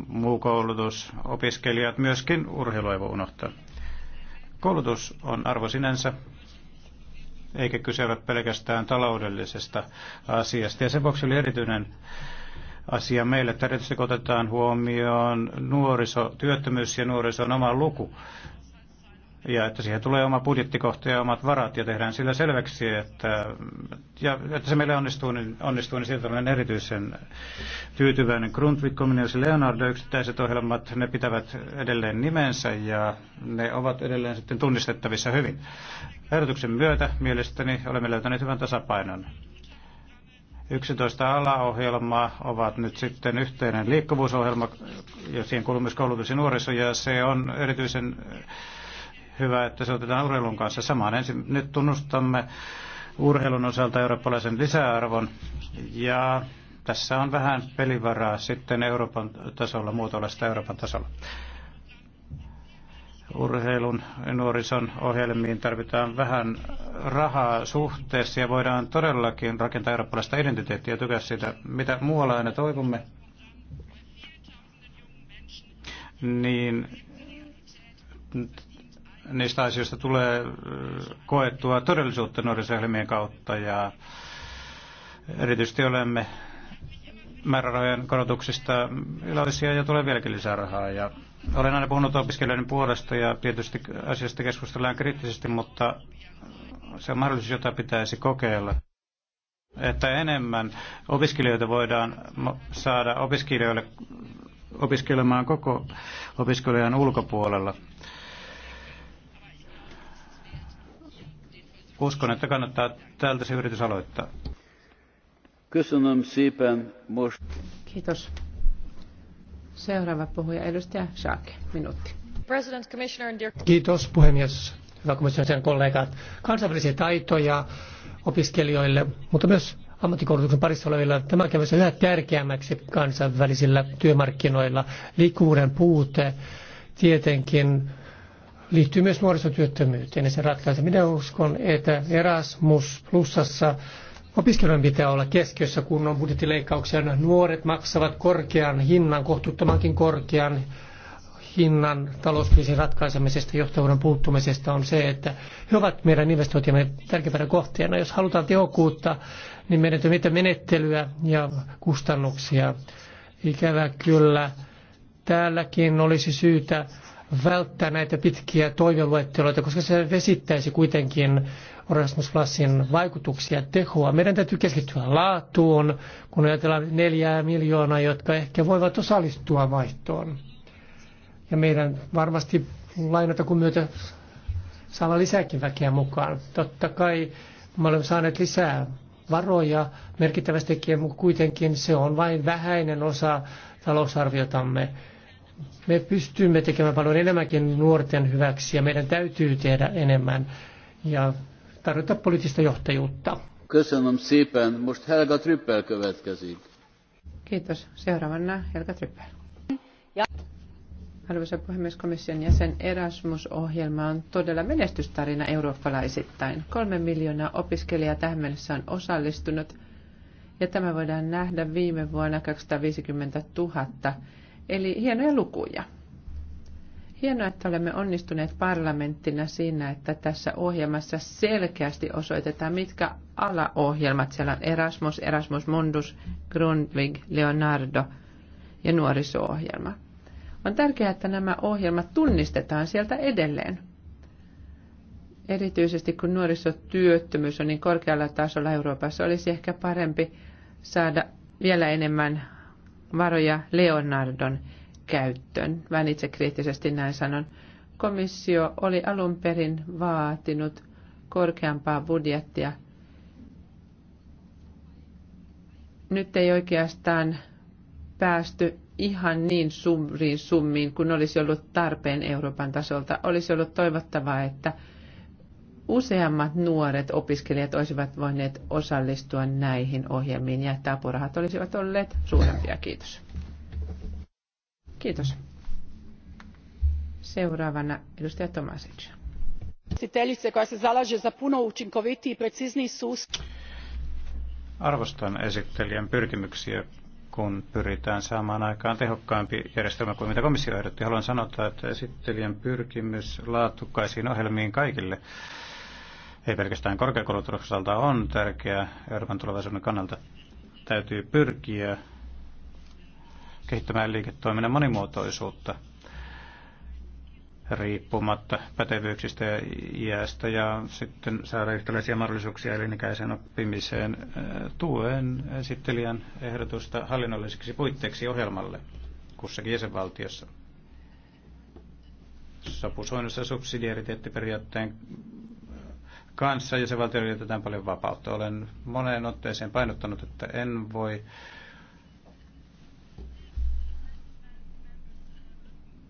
muu koulutus, opiskelijat, myöskin urheilu ei voi unohtaa. Koulutus on arvo sinänsä, eikä kyse ole pelkästään taloudellisesta asiasta. Ja sen vuoksi oli erityinen asia meille, että erityisesti otetaan huomioon nuoriso, työttömyys ja nuorison oma luku ja että siihen tulee oma budjettikohta ja omat varat ja tehdään sillä selväksi, että, ja, että se meille onnistuu, niin, onnistuu, niin siltä olen erityisen tyytyväinen. Grundtvig, Comenius ja Leonardo yksittäiset ohjelmat, ne pitävät edelleen nimensä ja ne ovat edelleen sitten tunnistettavissa hyvin. Ehdotuksen myötä mielestäni olemme löytäneet hyvän tasapainon. 11 alaohjelmaa ovat nyt sitten yhteinen liikkuvuusohjelma, ja siihen kuuluu myös koulutus ja nuoriso, ja se on erityisen hyvä, että se otetaan urheilun kanssa samaan. Ensin nyt tunnustamme urheilun osalta eurooppalaisen lisäarvon ja tässä on vähän pelivaraa sitten Euroopan tasolla, muotoilla Euroopan tasolla. Urheilun ja nuorison ohjelmiin tarvitaan vähän rahaa suhteessa ja voidaan todellakin rakentaa eurooppalaista identiteettiä ja tukea sitä, mitä muualla aina toivomme. Niin niistä asioista tulee koettua todellisuutta nuorisohjelmien kautta ja erityisesti olemme määrärahojen korotuksista iloisia ja tulee vieläkin lisää rahaa. Ja olen aina puhunut opiskelijoiden puolesta ja tietysti asiasta keskustellaan kriittisesti, mutta se on mahdollisuus, jota pitäisi kokeilla. Että enemmän opiskelijoita voidaan saada opiskelijoille opiskelemaan koko opiskelijan ulkopuolella. Uskon, että kannattaa tältä se yritys aloittaa. Kiitos. Seuraava puhuja, edustaja Schaake, minuutti. Kiitos puhemies, hyvä komission kollegat. Kansainvälisiä taitoja opiskelijoille, mutta myös ammattikoulutuksen parissa olevilla. Tämä on yhä tärkeämmäksi kansainvälisillä työmarkkinoilla. Liikkuvuuden puute tietenkin liittyy myös nuorisotyöttömyyteen ja sen ratkaiseminen. Minä uskon, että Erasmus plussassa Opiskelijan pitää olla keskiössä, kun on budjettileikkauksia. Nuoret maksavat korkean hinnan, kohtuuttomankin korkean hinnan talouskriisin ratkaisemisesta, johtavuuden puuttumisesta on se, että he ovat meidän investointiamme tärkeimpänä kohteena. Jos halutaan tehokkuutta, niin meidän mitä menettelyä ja kustannuksia. Ikävä kyllä, täälläkin olisi syytä välttää näitä pitkiä toiveluetteloita, koska se vesittäisi kuitenkin Orasmus Plusin vaikutuksia ja tehoa. Meidän täytyy keskittyä laatuun, kun ajatellaan neljää miljoonaa, jotka ehkä voivat osallistua vaihtoon. Ja meidän varmasti lainata kun myötä saada lisääkin väkeä mukaan. Totta kai me olemme saaneet lisää varoja merkittävästikin, mutta kuitenkin se on vain vähäinen osa talousarviotamme me pystymme tekemään paljon enemmänkin nuorten hyväksi ja meidän täytyy tehdä enemmän ja tarjota poliittista johtajuutta. Helga Kiitos. Seuraavana Helga Tryppel. Arvoisa puhemies, komission jäsen Erasmus-ohjelma on todella menestystarina eurooppalaisittain. Kolme miljoonaa opiskelijaa tähän mennessä on osallistunut, ja tämä voidaan nähdä viime vuonna 250 000 Eli hienoja lukuja. Hienoa, että olemme onnistuneet parlamenttina siinä, että tässä ohjelmassa selkeästi osoitetaan, mitkä alaohjelmat siellä on Erasmus, Erasmus Mundus, Grundvig, Leonardo ja nuoriso-ohjelma. On tärkeää, että nämä ohjelmat tunnistetaan sieltä edelleen. Erityisesti kun nuorisotyöttömyys on niin korkealla tasolla Euroopassa, olisi ehkä parempi saada vielä enemmän varoja Leonardon käyttöön. Vähän itse kriittisesti näin sanon. Komissio oli alun perin vaatinut korkeampaa budjettia. Nyt ei oikeastaan päästy ihan niin suuriin summiin kuin olisi ollut tarpeen Euroopan tasolta. Olisi ollut toivottavaa, että useammat nuoret opiskelijat olisivat voineet osallistua näihin ohjelmiin ja että apurahat olisivat olleet suurempia. Kiitos. Kiitos. Seuraavana edustaja Tomasic. Arvostan esittelijän pyrkimyksiä, kun pyritään saamaan aikaan tehokkaampi järjestelmä kuin mitä komissio ehdotti. Haluan sanoa, että esittelijän pyrkimys laatukkaisiin ohjelmiin kaikille ei pelkästään korkeakoulutuksesta on tärkeää Euroopan tulevaisuuden kannalta. Täytyy pyrkiä kehittämään liiketoiminnan monimuotoisuutta riippumatta pätevyyksistä ja iästä ja sitten saada yhtäläisiä mahdollisuuksia elinikäiseen oppimiseen. Tuen esittelijän ehdotusta hallinnolliseksi puitteeksi ohjelmalle kussakin jäsenvaltiossa. Sopusoinnussa subsidiariteettiperiaatteen kanssa ja se valtiolle jätetään paljon vapautta. Olen moneen otteeseen painottanut, että en voi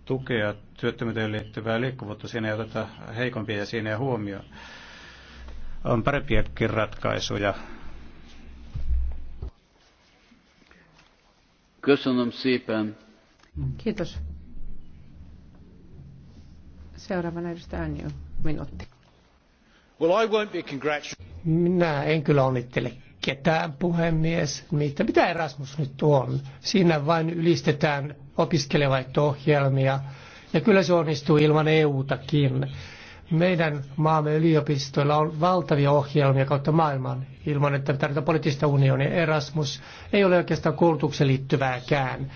tukea työttömyyteen liittyvää liikkuvuutta. Siinä ja oteta heikompia ja siinä ja huomioon. On parempiakin ratkaisuja. Kiitos. Seuraavana edustaja Anju, minuutti. Well, I won't be Minä en kyllä onnittele ketään puhemies. Mitä, mitä Erasmus nyt on? Siinä vain ylistetään opiskelevaihto-ohjelmia. Ja kyllä se onnistuu ilman EU-takin. Meidän maamme yliopistoilla on valtavia ohjelmia kautta maailman ilman, että tarvitaan poliittista unionia. Erasmus ei ole oikeastaan koulutukseen liittyvääkään.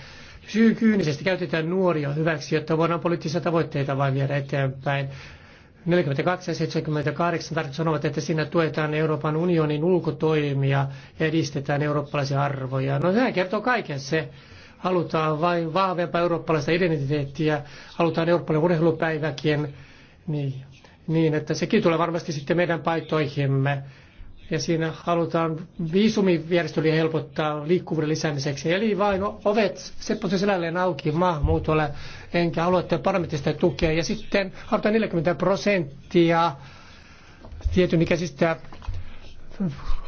Syy kyynisesti käytetään nuoria hyväksi, jotta voidaan poliittisia tavoitteita vain viedä eteenpäin. 42 ja 78 tarkoitus sanovat, että siinä tuetaan Euroopan unionin ulkotoimia ja edistetään eurooppalaisia arvoja. No sehän kertoo kaiken se. Halutaan vain vahvempaa eurooppalaista identiteettiä, halutaan eurooppalainen urheilupäiväkin, niin, niin että sekin tulee varmasti sitten meidän paitoihimme ja siinä halutaan viisumijärjestelyjä helpottaa liikkuvuuden lisäämiseksi. Eli vain ovet sepposen selälleen auki maahanmuutolle, enkä aloitteen parlamentista tukea. Ja sitten halutaan 40 prosenttia tietyn ikäisistä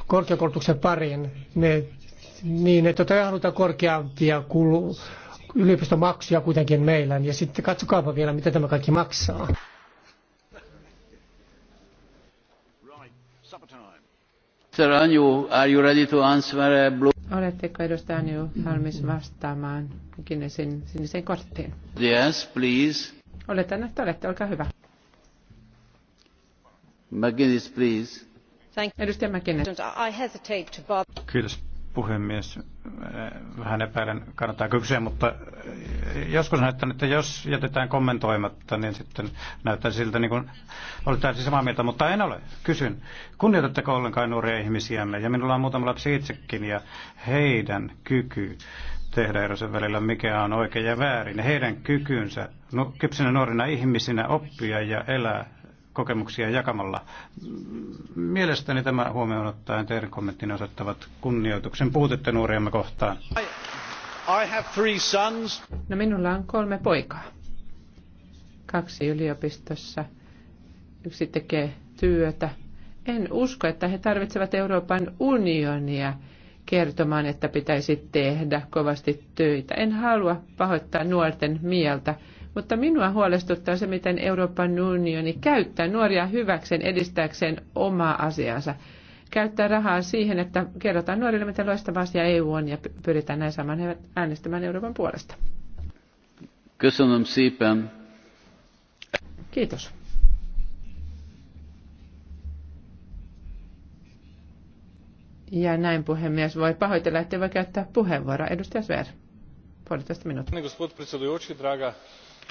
korkeakoulutuksen pariin, ne, niin että tota halutaan korkeampia kulu, yliopistomaksuja kuitenkin meillä. Ja sitten katsokaapa vielä, mitä tämä kaikki maksaa. Uh, Oletteko edustaja Anju valmis vastaamaan Guinnessin siniseen korttiin? Yes, please. Oletan, että olette. Olkaa hyvä. McGuinness, please. Thank you. Edustaja McGuinness. I hesitate to bother. Kiitos puhemies. Äh, vähän epäilen, kannattaako kysyä, mutta äh, joskus näyttää, että jos jätetään kommentoimatta, niin sitten näyttää siltä, niin kuin olet täysin samaa mieltä, mutta en ole. Kysyn, kunnioitatteko ollenkaan nuoria ihmisiämme? Ja minulla on muutama lapsi itsekin ja heidän kyky tehdä erosen välillä, mikä on oikein ja väärin. Heidän kykynsä no, kypsinä nuorina ihmisinä oppia ja elää kokemuksia jakamalla. Mielestäni tämä huomioon ottaen teidän kommenttinne osoittavat kunnioituksen puutetta nuoriamme kohtaan. I, I have three sons. No minulla on kolme poikaa. Kaksi yliopistossa. Yksi tekee työtä. En usko, että he tarvitsevat Euroopan unionia kertomaan, että pitäisi tehdä kovasti töitä. En halua pahoittaa nuorten mieltä mutta minua huolestuttaa se, miten Euroopan unioni käyttää nuoria hyväkseen edistääkseen omaa asiansa. Käyttää rahaa siihen, että kerrotaan nuorille, miten loistava asia EU on ja pyritään näin saamaan äänestämään Euroopan puolesta. Kiitos. Ja näin puhemies voi pahoitella, ettei voi käyttää puheenvuoroa. Edustaja Sver, puolitoista minuuttia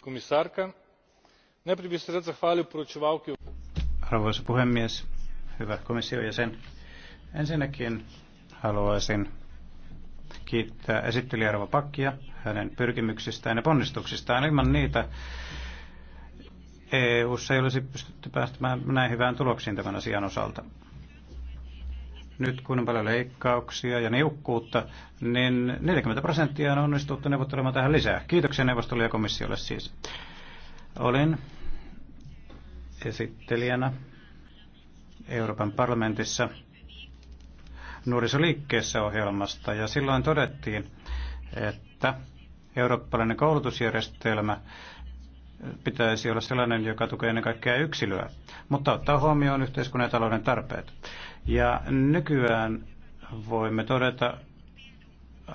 komisarka najprej bi se rad zahvalil poročevalki. arvoisa puhemies hyvä komission jäsen ensinnäkin haluaisin kiittää esittelijä Arvo Pakkia hänen pyrkimyksistään ja ponnistuksistaan. Ilman niitä EU-ssa ei olisi pystytty päästämään näin hyvään tuloksiin tämän asian osalta nyt kun on paljon leikkauksia ja niukkuutta, niin 40 prosenttia on onnistuttu neuvottelemaan tähän lisää. Kiitoksia neuvostolle ja komissiolle siis. Olin esittelijänä Euroopan parlamentissa nuorisoliikkeessä ohjelmasta ja silloin todettiin, että eurooppalainen koulutusjärjestelmä pitäisi olla sellainen, joka tukee ennen kaikkea yksilöä, mutta ottaa huomioon yhteiskunnan ja talouden tarpeet. Ja nykyään voimme todeta äh,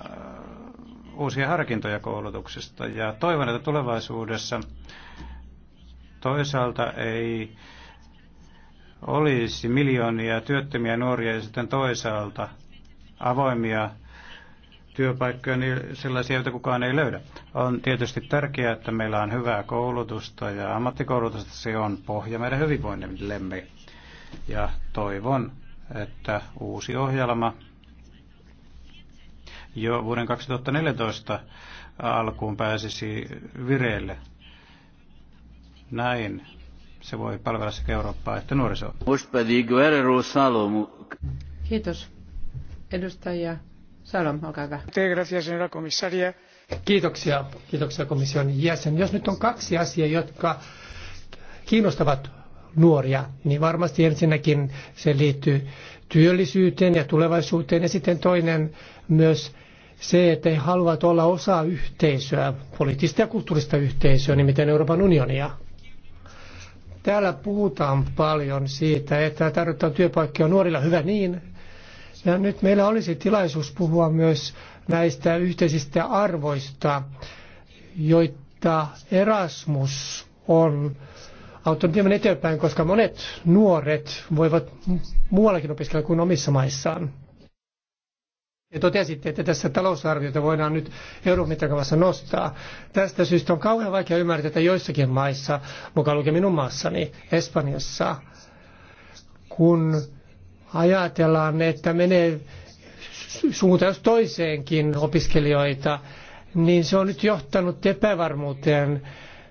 uusia harkintoja koulutuksesta ja toivon, että tulevaisuudessa toisaalta ei olisi miljoonia työttömiä nuoria ja sitten toisaalta avoimia työpaikkoja, niin sellaisia, joita kukaan ei löydä. On tietysti tärkeää, että meillä on hyvää koulutusta ja ammattikoulutusta se on pohja meidän hyvinvoinnillemme. Ja toivon, että uusi ohjelma jo vuoden 2014 alkuun pääsisi vireille. Näin se voi palvella sekä Eurooppaa että nuorisoa. Kiitos. Edustaja Salom, olkaa hyvä. Kiitoksia, kiitoksia komission jäsen. Jos nyt on kaksi asiaa, jotka kiinnostavat nuoria, niin varmasti ensinnäkin se liittyy työllisyyteen ja tulevaisuuteen ja sitten toinen myös se, että he haluavat olla osa yhteisöä, poliittista ja kulttuurista yhteisöä, nimittäin Euroopan unionia. Täällä puhutaan paljon siitä, että tarvitaan työpaikkoja nuorilla, hyvä niin. Ja nyt meillä olisi tilaisuus puhua myös näistä yhteisistä arvoista, joita Erasmus on auttanut hieman eteenpäin, koska monet nuoret voivat muuallakin opiskella kuin omissa maissaan. Ja totesitte, että tässä talousarviota voidaan nyt euron mittakaavassa nostaa. Tästä syystä on kauhean vaikea ymmärtää, että joissakin maissa, mukaan lukee minun maassani, Espanjassa, kun ajatellaan, että menee suuntaan jos toiseenkin opiskelijoita, niin se on nyt johtanut epävarmuuteen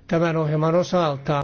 tämän ohjelman osalta.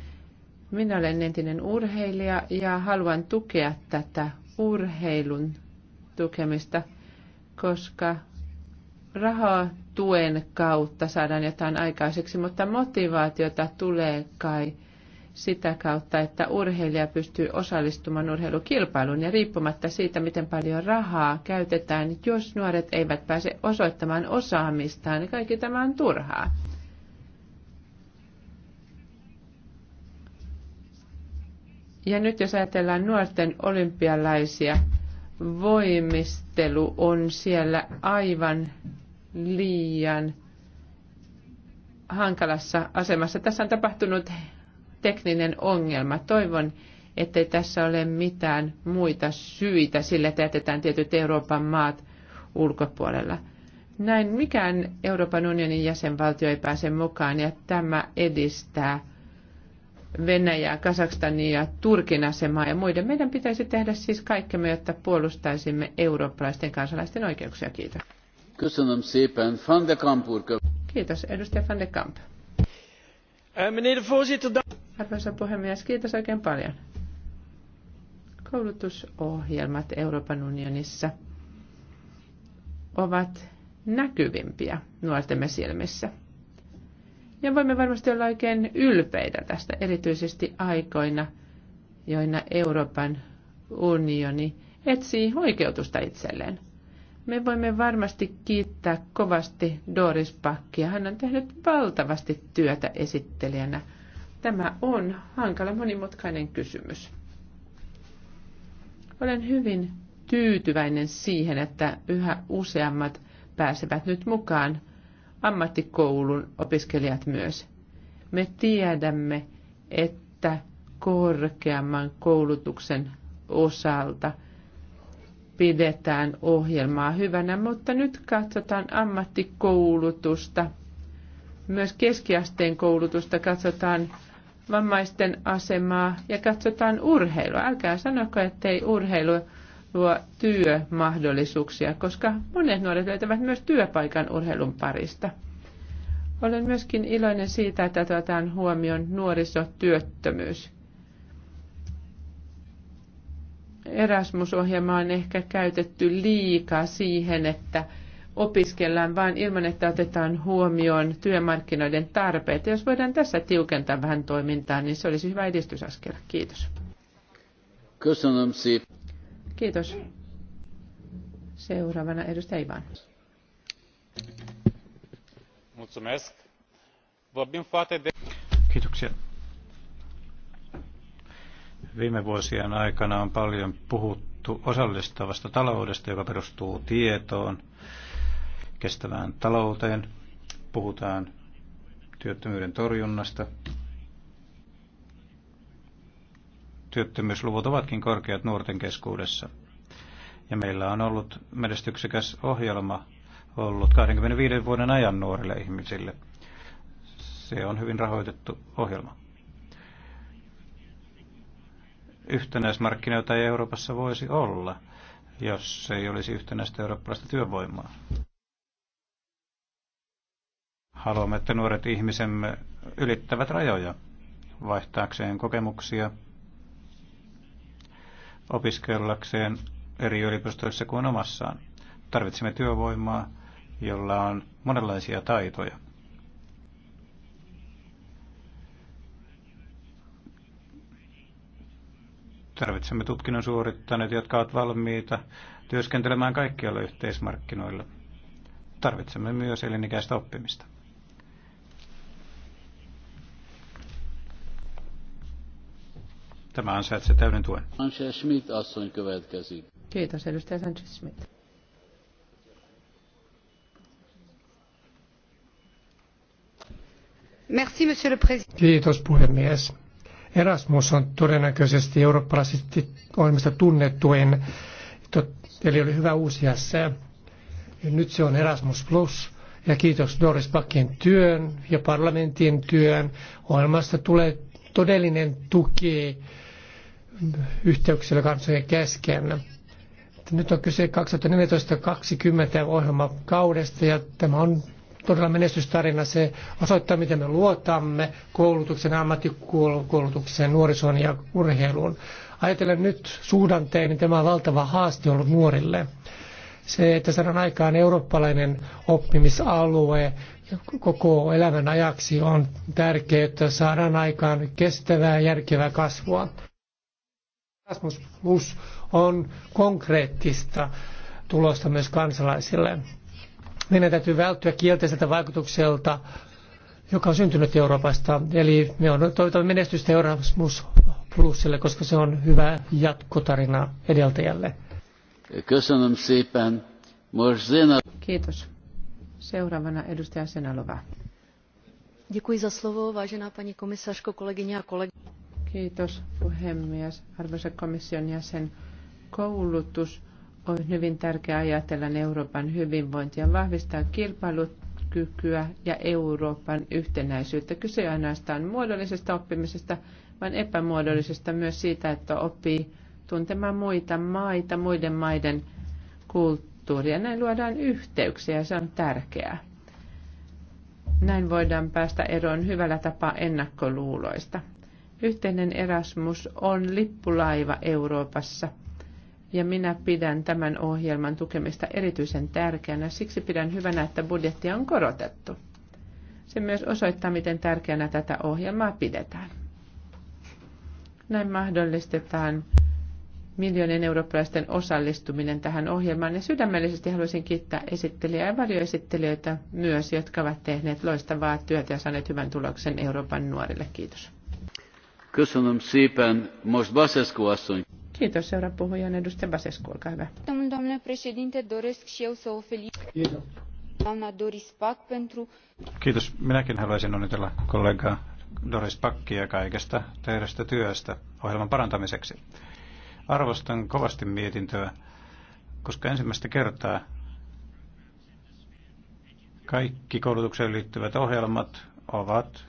Minä olen entinen urheilija ja haluan tukea tätä urheilun tukemista, koska rahaa tuen kautta saadaan jotain aikaiseksi, mutta motivaatiota tulee kai sitä kautta, että urheilija pystyy osallistumaan urheilukilpailuun ja riippumatta siitä, miten paljon rahaa käytetään, jos nuoret eivät pääse osoittamaan osaamistaan, niin kaikki tämä on turhaa. Ja nyt jos ajatellaan nuorten olympialaisia, voimistelu on siellä aivan liian hankalassa asemassa. Tässä on tapahtunut tekninen ongelma. Toivon, ettei tässä ole mitään muita syitä sillä, että jätetään tietyt Euroopan maat ulkopuolella. Näin mikään Euroopan unionin jäsenvaltio ei pääse mukaan ja tämä edistää Venäjää, Kasakstania ja Turkin asemaa ja muiden. Meidän pitäisi tehdä siis kaikkemme, jotta puolustaisimme eurooppalaisten kansalaisten oikeuksia. Kiitos. Kiitos, edustaja Van de Kamp. Eh, Arvoisa puhemies, kiitos oikein paljon. Koulutusohjelmat Euroopan unionissa ovat näkyvimpiä nuortemme silmissä – ja voimme varmasti olla oikein ylpeitä tästä, erityisesti aikoina, joina Euroopan unioni etsii oikeutusta itselleen. Me voimme varmasti kiittää kovasti Doris Pakkia. Hän on tehnyt valtavasti työtä esittelijänä. Tämä on hankala monimutkainen kysymys. Olen hyvin tyytyväinen siihen, että yhä useammat pääsevät nyt mukaan ammattikoulun opiskelijat myös. Me tiedämme, että korkeamman koulutuksen osalta pidetään ohjelmaa hyvänä, mutta nyt katsotaan ammattikoulutusta. Myös keskiasteen koulutusta katsotaan vammaisten asemaa ja katsotaan urheilua. Älkää sanoko, ei urheilu luo työmahdollisuuksia, koska monet nuoret löytävät myös työpaikan urheilun parista. Olen myöskin iloinen siitä, että otetaan huomioon nuorisotyöttömyys. Erasmus-ohjelma on ehkä käytetty liikaa siihen, että opiskellaan vain ilman, että otetaan huomioon työmarkkinoiden tarpeet. jos voidaan tässä tiukentaa vähän toimintaa, niin se olisi hyvä edistysaskel. Kiitos. Kiitos. Seuraavana edustaja Ivan. Mulțumesc. Vorbim foarte de... Kiitoksia. Viime vuosien aikana on paljon puhuttu osallistavasta taloudesta, joka perustuu tietoon, kestävään talouteen. Puhutaan työttömyyden torjunnasta, työttömyysluvut ovatkin korkeat nuorten keskuudessa. Ja meillä on ollut menestyksekäs ohjelma ollut 25 vuoden ajan nuorille ihmisille. Se on hyvin rahoitettu ohjelma. Yhtenäismarkkinoita ei Euroopassa voisi olla, jos ei olisi yhtenäistä eurooppalaista työvoimaa. Haluamme, että nuoret ihmisemme ylittävät rajoja vaihtaakseen kokemuksia, opiskellakseen eri yliopistoissa kuin omassaan. Tarvitsemme työvoimaa, jolla on monenlaisia taitoja. Tarvitsemme tutkinnon suorittaneet, jotka ovat valmiita työskentelemään kaikkialla yhteismarkkinoilla. Tarvitsemme myös elinikäistä oppimista. Tämä ansaitsee täyden tuen. Sanchez Schmidt asson következik. Kiitos, edustaja Sanchez Schmidt. Merci, monsieur le président. Kiitos, puhemies. Erasmus on todennäköisesti eurooppalaisesti ohjelmista tunnettuin, eli oli hyvä uusia se. Nyt se on Erasmus Plus, ja kiitos Doris Backin työn ja parlamentin työn. Ohjelmasta tulee todellinen tuki yhteyksillä kansojen kesken. Nyt on kyse 2014-2020 ohjelmakaudesta ja tämä on todella menestystarina. Se osoittaa, miten me luotamme koulutuksen, ammattikoulutuksen, nuorisoon ja urheiluun. Ajatellen nyt suhdanteen, niin tämä on valtava haaste ollut nuorille. Se, että saadaan aikaan eurooppalainen oppimisalue koko elämän ajaksi on tärkeää, että saadaan aikaan kestävää, järkevää kasvua. Erasmus Plus on konkreettista tulosta myös kansalaisille. Meidän täytyy välttyä kielteiseltä vaikutukselta, joka on syntynyt Euroopasta. Eli me on toivotamme menestystä Erasmus Plusille, koska se on hyvä jatkotarina edeltäjälle. Kiitos. Seuraavana edustaja Senalova. Děkuji za slovo, vážená paní komisařko, kolegyně a kolegy. Kiitos puhemies. Arvoisa komission jäsen, koulutus on hyvin tärkeää ajatella Euroopan hyvinvointia, vahvistaa kilpailukykyä ja Euroopan yhtenäisyyttä. Kyse ei ainoastaan muodollisesta oppimisesta, vaan epämuodollisesta myös siitä, että oppii tuntemaan muita maita, muiden maiden kulttuuria. Näin luodaan yhteyksiä ja se on tärkeää. Näin voidaan päästä eroon hyvällä tapaa ennakkoluuloista. Yhteinen Erasmus on lippulaiva Euroopassa ja minä pidän tämän ohjelman tukemista erityisen tärkeänä. Siksi pidän hyvänä, että budjettia on korotettu. Se myös osoittaa, miten tärkeänä tätä ohjelmaa pidetään. Näin mahdollistetaan miljoonien eurooppalaisten osallistuminen tähän ohjelmaan. Ja sydämellisesti haluaisin kiittää esittelijää ja varjoesittelijöitä myös, jotka ovat tehneet loistavaa työtä ja saaneet hyvän tuloksen Euroopan nuorille. Kiitos. Köszönöm szépen. Most Basescu asszony. Kiitos, seuraava puhuja on edustaja Basescu, olkaa hyvä. Domnule președinte, doresc și eu să o felicit. Anna Doamna Doris Pack pentru... Kiitos. Minäkin haluaisin onnitella kollegaa Doris Pakkia kaikesta tehdystä työstä ohjelman parantamiseksi. Arvostan kovasti mietintöä, koska ensimmäistä kertaa kaikki koulutukseen liittyvät ohjelmat ovat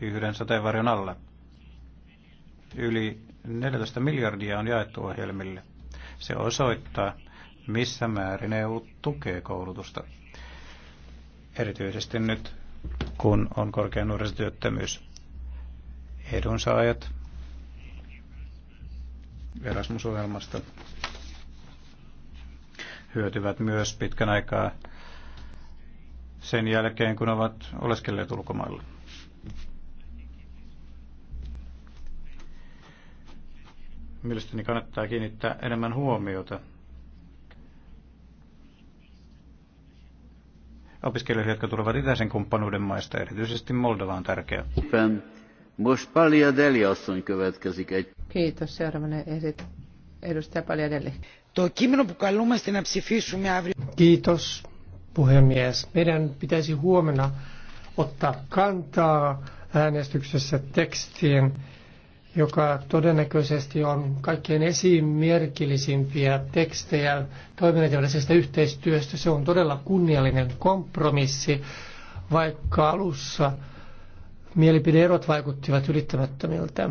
yhden sateenvarjon alla. Yli 14 miljardia on jaettu ohjelmille. Se osoittaa, missä määrin EU tukee koulutusta. Erityisesti nyt, kun on korkea nuorisotyöttömyys. Edunsaajat Erasmus-ohjelmasta hyötyvät myös pitkän aikaa sen jälkeen, kun ovat oleskelleet ulkomailla. mielestäni kannattaa kiinnittää enemmän huomiota. Opiskelijat, jotka tulevat itäisen kumppanuuden maista, erityisesti Moldova on tärkeä. Kiitos. Seuraavana esit- edustaja Paljadeli. Kiitos, puhemies. Meidän pitäisi huomenna ottaa kantaa äänestyksessä tekstiin, joka todennäköisesti on kaikkein esimerkillisimpiä tekstejä toiminnallisesta yhteistyöstä. Se on todella kunniallinen kompromissi, vaikka alussa mielipideerot vaikuttivat ylittämättömiltä.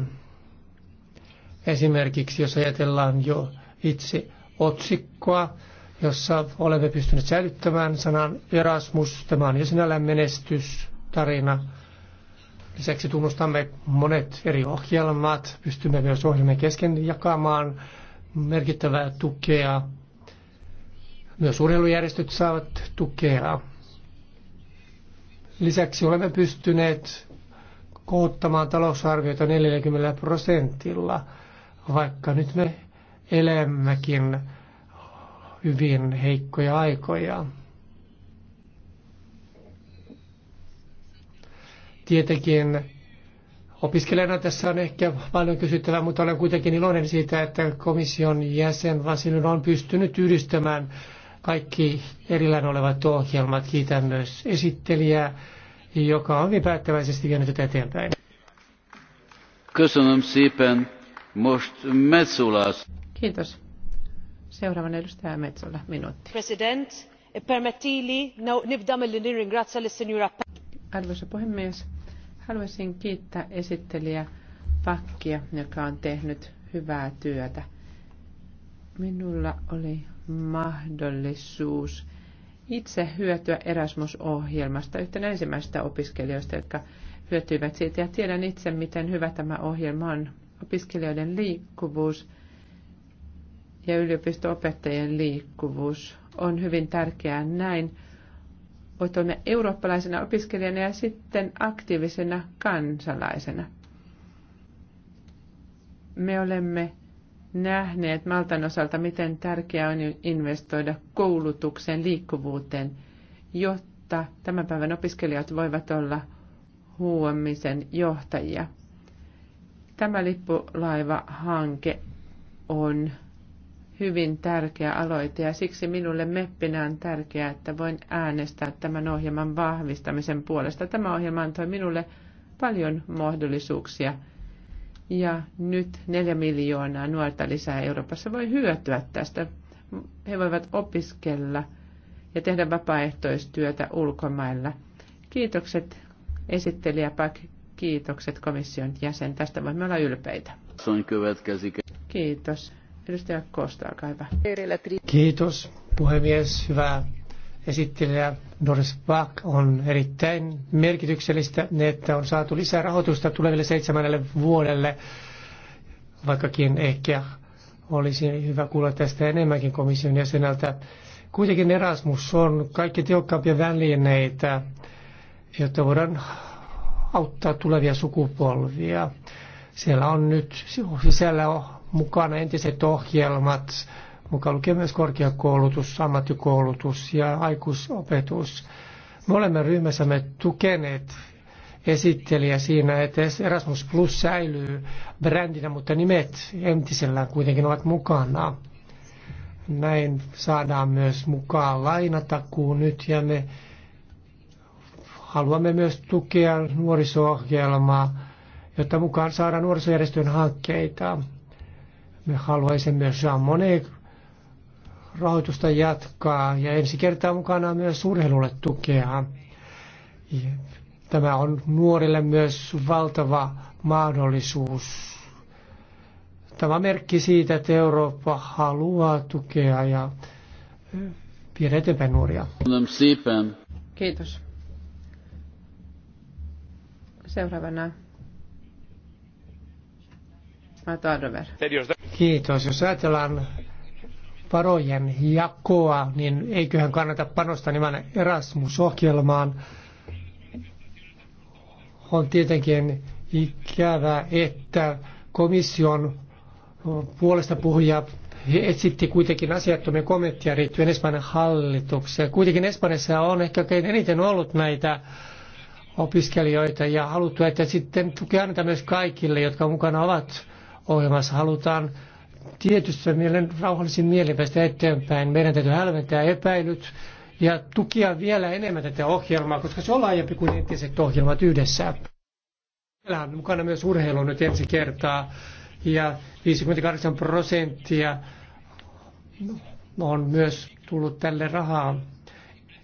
Esimerkiksi jos ajatellaan jo itse otsikkoa, jossa olemme pystyneet säilyttämään sanan Erasmus, tämä on jo sinällään menestystarina, Lisäksi tunnustamme monet eri ohjelmat, pystymme myös ohjelmien kesken jakamaan merkittävää tukea. Myös urheilujärjestöt saavat tukea. Lisäksi olemme pystyneet koottamaan talousarviota 40 prosentilla, vaikka nyt me elämmekin hyvin heikkoja aikoja. Tietenkin opiskelijana tässä on ehkä paljon kysyttävää, mutta olen kuitenkin iloinen siitä, että komission jäsen Vasilin on pystynyt yhdistämään kaikki erillään olevat ohjelmat. Kiitän myös esittelijää, joka on hyvin niin päättäväisesti vienyt tätä eteenpäin. Kiitos. Seuraavan edustaja Metsola, minuutti. President, no, Arvoisa puhemies, Haluaisin kiittää esittelijä Pakkia, joka on tehnyt hyvää työtä. Minulla oli mahdollisuus itse hyötyä Erasmus-ohjelmasta yhtenä ensimmäistä opiskelijoista, jotka hyötyivät siitä. Ja tiedän itse, miten hyvä tämä ohjelma on. Opiskelijoiden liikkuvuus ja yliopistoopettajien liikkuvuus on hyvin tärkeää näin voi toimia eurooppalaisena opiskelijana ja sitten aktiivisena kansalaisena. Me olemme nähneet Maltan osalta, miten tärkeää on investoida koulutukseen, liikkuvuuteen, jotta tämän päivän opiskelijat voivat olla huomisen johtajia. Tämä lippulaiva-hanke on hyvin tärkeä aloite ja siksi minulle meppinä on tärkeää, että voin äänestää tämän ohjelman vahvistamisen puolesta. Tämä ohjelma antoi minulle paljon mahdollisuuksia ja nyt neljä miljoonaa nuorta lisää Euroopassa voi hyötyä tästä. He voivat opiskella ja tehdä vapaaehtoistyötä ulkomailla. Kiitokset esittelijä Pak, kiitokset komission jäsen. Tästä voimme olla ylpeitä. Kiitos. Edustaja Kosta, olkaa hyvä. Kiitos puhemies, hyvää esittelijä Doris Back on erittäin merkityksellistä, että on saatu lisää rahoitusta tuleville seitsemännelle vuodelle, vaikkakin ehkä olisi hyvä kuulla tästä enemmänkin komission jäseneltä. Kuitenkin Erasmus on kaikki tehokkaampia välineitä, jotta voidaan auttaa tulevia sukupolvia. Siellä on nyt sisällä mukana entiset ohjelmat, mukaan lukee myös korkeakoulutus, ammattikoulutus ja aikuisopetus. Me olemme ryhmässämme tukeneet esittelijä siinä, että Erasmus Plus säilyy brändinä, mutta nimet entisellään kuitenkin ovat mukana. Näin saadaan myös mukaan lainatakuu nyt ja me haluamme myös tukea nuoriso-ohjelmaa, jotta mukaan saadaan nuorisojärjestöjen hankkeita. Me haluaisimme Jean Monnet rahoitusta jatkaa ja ensi kertaa mukana myös urheilulle tukea. Tämä on nuorille myös valtava mahdollisuus. Tämä on merkki siitä, että Eurooppa haluaa tukea ja viedä eteenpäin nuoria. Kiitos. Seuraavana Mato Kiitos. Jos ajatellaan varojen jakoa, niin eiköhän kannata panostaa nimen Erasmus-ohjelmaan. On tietenkin ikävä, että komission puolesta puhuja etsitti kuitenkin asiattomia kommentteja liittyen Espanjan hallitukseen. Kuitenkin Espanjassa on ehkä eniten ollut näitä opiskelijoita ja haluttu, että sitten tukea annetaan myös kaikille, jotka mukana ovat ohjelmassa halutaan tietyssä mielen rauhallisin mielin päästä eteenpäin. Meidän täytyy hälventää epäilyt ja tukia vielä enemmän tätä ohjelmaa, koska se on laajempi kuin entiset ohjelmat yhdessä. Meillä on mukana myös urheilu nyt ensi kertaa ja 58 prosenttia on myös tullut tälle rahaa.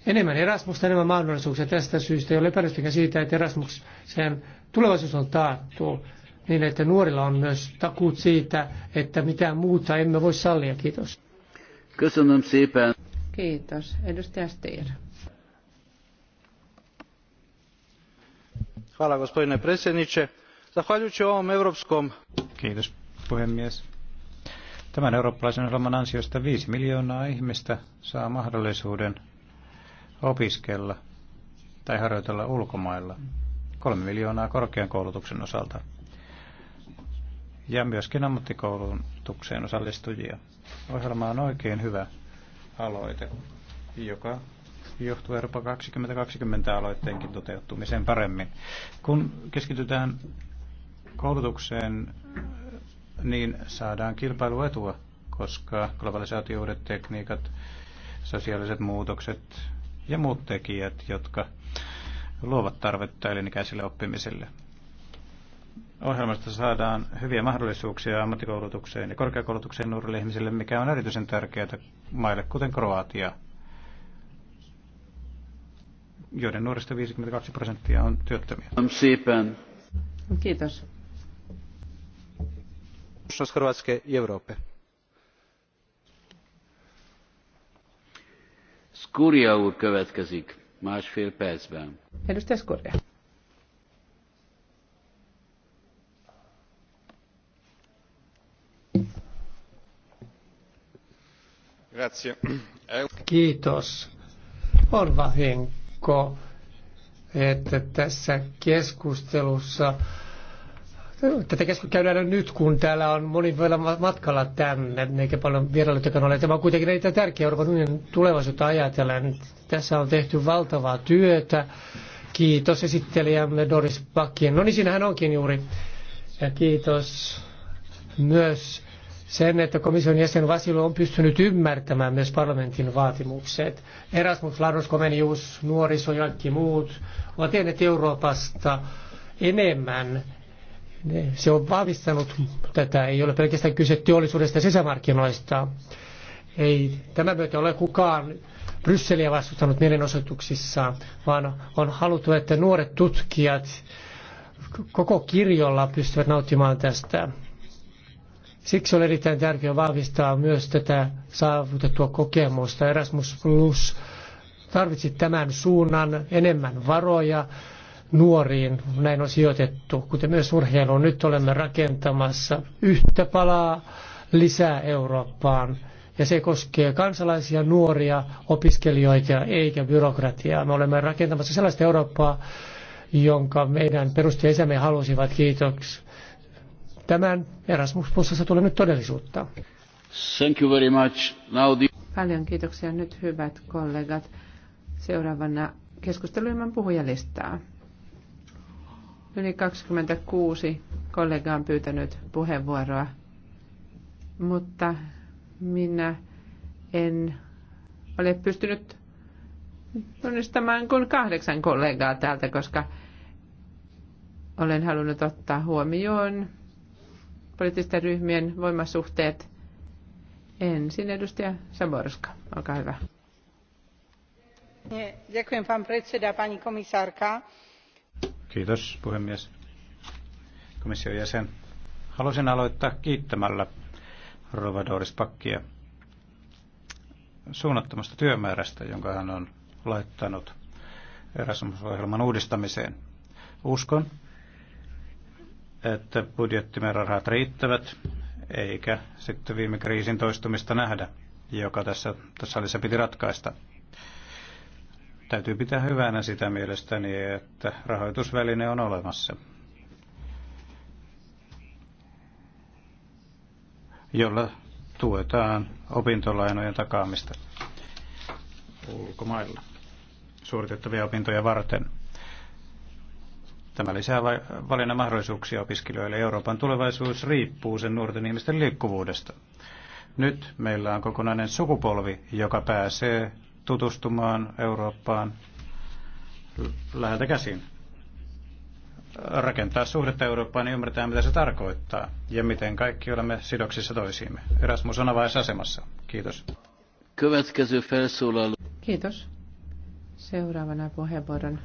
Enemmän Erasmusta, enemmän mahdollisuuksia tästä syystä, jolle epäilystäkään siitä, että Erasmuksen tulevaisuus on taattu niin että nuorilla on myös takuut siitä, että mitään muuta emme voi sallia. Kiitos. Kiitos. Edustaja Stier. Hvala gospodine predsjedniče. Zahvaljujući ovom europskom... Kiitos puhemies. Tämän eurooppalaisen ohjelman ansiosta viisi miljoonaa ihmistä saa mahdollisuuden opiskella tai harjoitella ulkomailla. Kolme miljoonaa korkean koulutuksen osalta ja myöskin ammattikoulutukseen osallistujia. Ohjelma on oikein hyvä aloite, joka johtuu Eurooppa 2020 aloitteenkin toteuttumiseen paremmin. Kun keskitytään koulutukseen, niin saadaan kilpailuetua, koska globalisaatio, uudet tekniikat, sosiaaliset muutokset ja muut tekijät, jotka luovat tarvetta elinikäiselle oppimiselle. Ohjelmasta saadaan hyviä mahdollisuuksia ammattikoulutukseen ja korkeakoulutukseen nuorille ihmisille, mikä on erityisen tärkeää maille, kuten Kroatia, joiden nuorista 52 prosenttia on työttömiä. Kiitos. Skurja úr következik másfél percben. Edustaja Skurja. Kiitos. On vahinko, että tässä keskustelussa Tätä keskustelua käydään nyt, kun täällä on moni vielä matkalla tänne, eikä paljon vierailijoitakaan ole. Tämä on kuitenkin erittäin tärkeä Euroopan unionin tulevaisuutta ajatellen. Tässä on tehty valtavaa työtä. Kiitos esittelijämme Doris Bakkien. No niin, siinähän onkin juuri. Ja kiitos myös sen, että komission jäsen Vasilu on pystynyt ymmärtämään myös parlamentin vaatimukset. Erasmus, Larus, Komenius, nuoriso ja kaikki muut ovat tehneet Euroopasta enemmän. Se on vahvistanut tätä, ei ole pelkästään kyse teollisuudesta ja sisämarkkinoista. Ei tämän myötä ole kukaan Brysseliä vastustanut mielenosoituksissa, vaan on haluttu, että nuoret tutkijat koko kirjolla pystyvät nauttimaan tästä. Siksi on erittäin tärkeää vahvistaa myös tätä saavutettua kokemusta. Erasmus Plus tarvitsi tämän suunnan enemmän varoja nuoriin, näin on sijoitettu, kuten myös urheiluun. Nyt olemme rakentamassa yhtä palaa lisää Eurooppaan. Ja se koskee kansalaisia, nuoria, opiskelijoita eikä byrokratiaa. Me olemme rakentamassa sellaista Eurooppaa, jonka meidän perustajaisämme halusivat. kiitoksia. Tämän Erasmus Plusassa tulee nyt todellisuutta. Thank you very much. Now the... Paljon kiitoksia nyt hyvät kollegat. Seuraavana keskusteluilman puhujalistaa. Yli 26 kollegaa on pyytänyt puheenvuoroa, mutta minä en ole pystynyt tunnistamaan kuin kahdeksan kollegaa täältä, koska olen halunnut ottaa huomioon poliittisten ryhmien voimasuhteet. Ensin edustaja Saborska, olkaa hyvä. Kiitos puhemies. Komission jäsen. Haluaisin aloittaa kiittämällä Rova Doris Pakkia suunnattomasta työmäärästä, jonka hän on laittanut Erasmus-ohjelman uudistamiseen. Uskon, että budjettimäärärahat riittävät, eikä sitten viime kriisin toistumista nähdä, joka tässä, tässä salissa piti ratkaista. Täytyy pitää hyvänä sitä mielestäni, että rahoitusväline on olemassa. jolla tuetaan opintolainojen takaamista ulkomailla suoritettavia opintoja varten. Tämä lisää valinnan mahdollisuuksia opiskelijoille. Euroopan tulevaisuus riippuu sen nuorten ihmisten liikkuvuudesta. Nyt meillä on kokonainen sukupolvi, joka pääsee tutustumaan Eurooppaan läheltä käsin. Rakentaa suhdetta Eurooppaan niin ymmärtää, mitä se tarkoittaa ja miten kaikki olemme sidoksissa toisiimme. Erasmus on avaisasemassa. Kiitos. Kiitos. Seuraavana puheenvuoron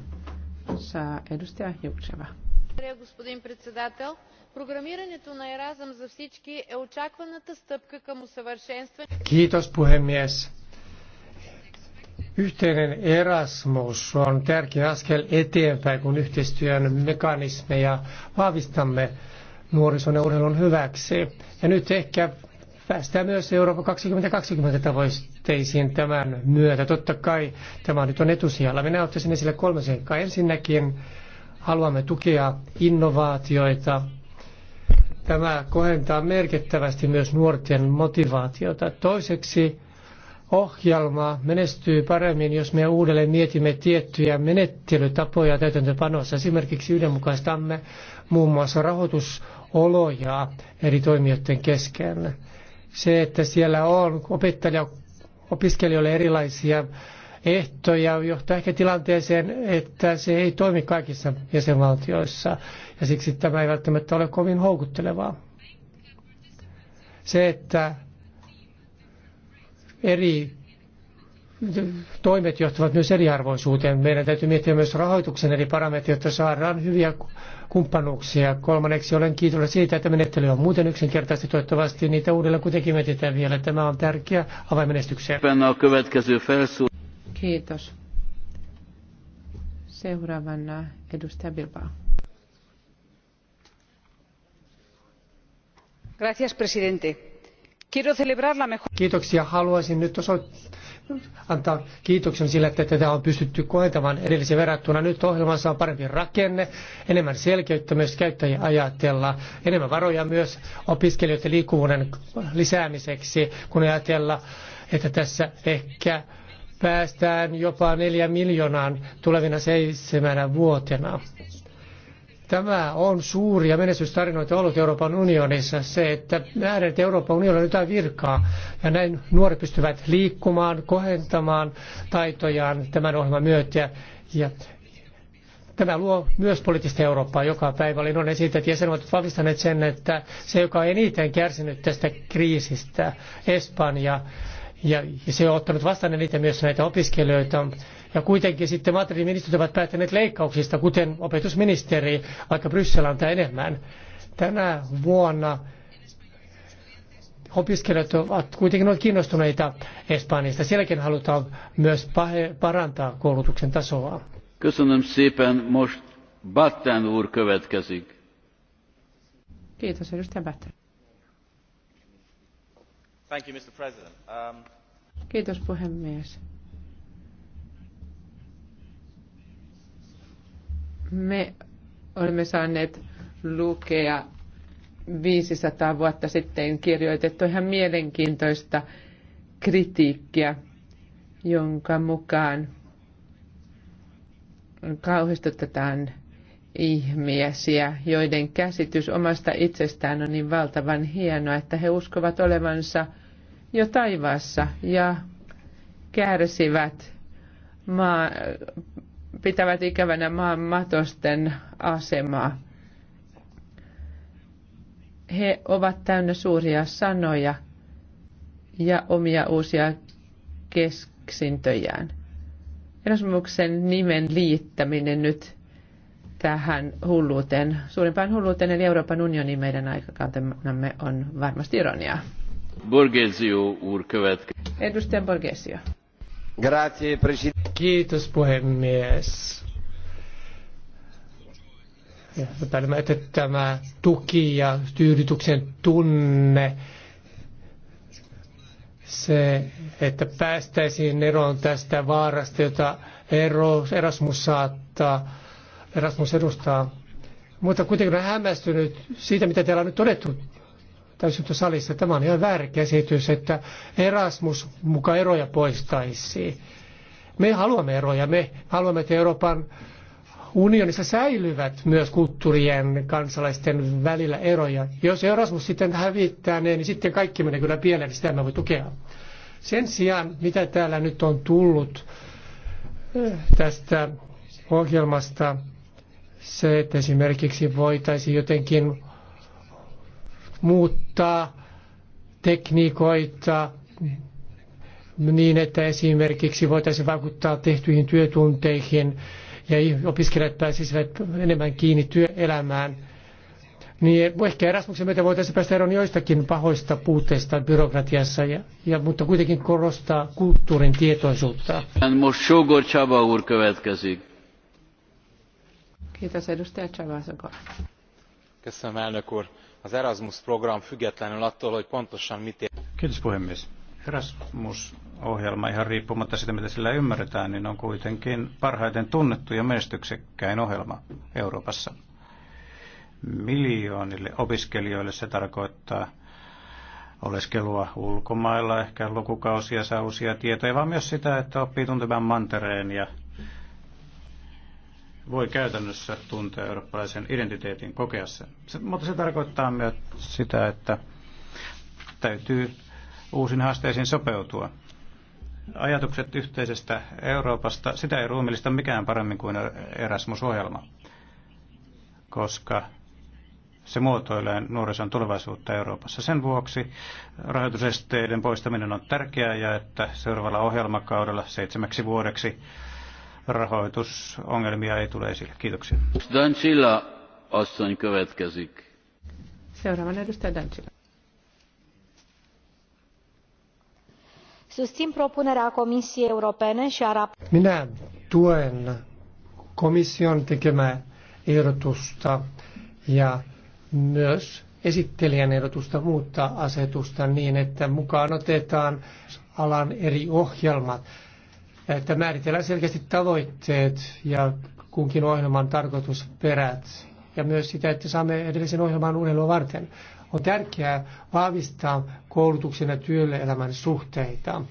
saa edustaja господин председател. Програмирането на Еразъм за всички е очакваната стъпка към усъвършенстване. Kiitos puhemies. Yhteinen Erasmus on tärkeä askel eteenpäin, kun yhteistyön mekanismeja vahvistamme nuorison ja urheilun hyväksi. Ja nyt ehkä päästään myös Euroopan 2020 tavoitteisiin tämän myötä. Totta kai tämä nyt on etusijalla. Minä ottaisin esille kolme seikkaa. Ensinnäkin haluamme tukea innovaatioita. Tämä kohentaa merkittävästi myös nuorten motivaatiota. Toiseksi ohjelma menestyy paremmin, jos me uudelleen mietimme tiettyjä menettelytapoja täytäntöpanossa. Esimerkiksi yhdenmukaistamme muun muassa rahoitusoloja eri toimijoiden kesken se, että siellä on opettaja opiskelijoille erilaisia ehtoja johtaa ehkä tilanteeseen, että se ei toimi kaikissa jäsenvaltioissa ja siksi tämä ei välttämättä ole kovin houkuttelevaa. Se, että eri toimet johtavat myös eriarvoisuuteen. Meidän täytyy miettiä myös rahoituksen eri parametrit, jotta saadaan hyviä kumppanuuksia. Kolmanneksi olen kiitollinen siitä, että menettely on muuten yksinkertaisesti toivottavasti niitä uudelleen kuitenkin mietitään vielä. Tämä on tärkeä avainmenestykseen. Kiitos. Seuraavana edustaja Bilbao. Gracias, presidente. Quiero celebrar la mejor... Kiitoksia. Haluaisin nyt osoittaa antaa kiitoksen sille, että tätä on pystytty koentamaan edellisen verrattuna. Nyt ohjelmassa on parempi rakenne, enemmän selkeyttä myös käyttäjiä ajatella, enemmän varoja myös opiskelijoiden liikkuvuuden lisäämiseksi, kun ajatella, että tässä ehkä päästään jopa neljä miljoonaan tulevina seitsemänä vuotena. Tämä on suuria menestystarinoita ollut Euroopan unionissa, se, että nähdään, että Euroopan unionilla on jotain virkaa, ja näin nuoret pystyvät liikkumaan, kohentamaan taitojaan tämän ohjelman myötä, ja Tämä luo myös poliittista Eurooppaa joka päivä. Olin onnen siitä, että jäsenvaltiot vahvistaneet sen, että se, joka on eniten kärsinyt tästä kriisistä, Espanja, ja se on ottanut vastaan eniten myös näitä opiskelijoita, ja kuitenkin sitten Madridin ministerit ovat päättäneet leikkauksista, kuten opetusministeri, vaikka Bryssel antaa enemmän. Tänä vuonna opiskelijat ovat kuitenkin olleet kiinnostuneita Espanjasta. Sielläkin halutaan myös parantaa koulutuksen tasoa. most Kiitos, edustaja Batten. Um, Kiitos puhemies. Me olemme saaneet lukea 500 vuotta sitten kirjoitettu ihan mielenkiintoista kritiikkiä, jonka mukaan kauhistutetaan ihmisiä, joiden käsitys omasta itsestään on niin valtavan hienoa, että he uskovat olevansa jo taivaassa ja kärsivät maa, pitävät ikävänä maan matosten asemaa. He ovat täynnä suuria sanoja ja omia uusia keksintöjään. Erasmuksen nimen liittäminen nyt tähän hulluuteen, suurimpaan hulluuteen eli Euroopan unionin meidän aikakautemme on varmasti ironiaa. Borgesio, Edustaja Borgesio. Kiitos puhemies. Päällimä, että tämä tuki ja tyydytyksen tunne, se, että päästäisiin eroon tästä vaarasta, jota Erasmus saattaa, Erasmus edustaa. Mutta kuitenkin olen hämmästynyt siitä, mitä täällä on nyt todettu täysistuntosalissa. Tämä on ihan väärä käsitys, että Erasmus muka eroja poistaisi. Me haluamme eroja, me haluamme, että Euroopan unionissa säilyvät myös kulttuurien kansalaisten välillä eroja. Jos Erasmus sitten hävittää ne, niin sitten kaikki menee kyllä pieleen, sitä me voi tukea. Sen sijaan, mitä täällä nyt on tullut eh, tästä ohjelmasta, se, että esimerkiksi voitaisiin jotenkin muuttaa tekniikoita niin, että esimerkiksi voitaisiin vaikuttaa tehtyihin työtunteihin ja opiskelijat pääsisivät enemmän kiinni työelämään. Niin ehkä Erasmuksen myötä voitaisiin päästä eroon joistakin pahoista puutteista byrokratiassa, ja, ja, mutta kuitenkin korostaa kulttuurin tietoisuutta. Kiitos edustaja Csaba Kiitos, elnök úr az Erasmus program függetlenül attól, hogy pontosan mit ér... Kiitos puhemies. Erasmus-ohjelma ihan riippumatta siitä, mitä sillä ymmärretään, niin on kuitenkin parhaiten tunnettu ja menestyksekkäin ohjelma Euroopassa. Miljoonille opiskelijoille se tarkoittaa oleskelua ulkomailla, ehkä lukukausia saa uusia tietoja, vaan myös sitä, että oppii tuntemaan mantereen ja voi käytännössä tuntea eurooppalaisen identiteetin, kokea sen. Se, mutta se tarkoittaa myös sitä, että täytyy uusin haasteisiin sopeutua. Ajatukset yhteisestä Euroopasta, sitä ei ruumillista mikään paremmin kuin Erasmus-ohjelma, koska se muotoilee nuorison tulevaisuutta Euroopassa. Sen vuoksi rahoitusesteiden poistaminen on tärkeää ja että seuraavalla ohjelmakaudella seitsemäksi vuodeksi rahoitusongelmia ei tule esille. Kiitoksia. Dancila asson következik. Seuraavana edustaja Dancila. Susțin propunerea Comisiei Europene și a Minä tuen komission tekemää ehdotusta ja myös esittelijän ehdotusta muuttaa asetusta niin, että mukaan otetaan alan eri ohjelmat että määritellään selkeästi tavoitteet ja kunkin ohjelman tarkoitusperät ja myös sitä, että saamme edellisen ohjelman urheilua varten. On tärkeää vahvistaa koulutuksen ja työelämän suhteita.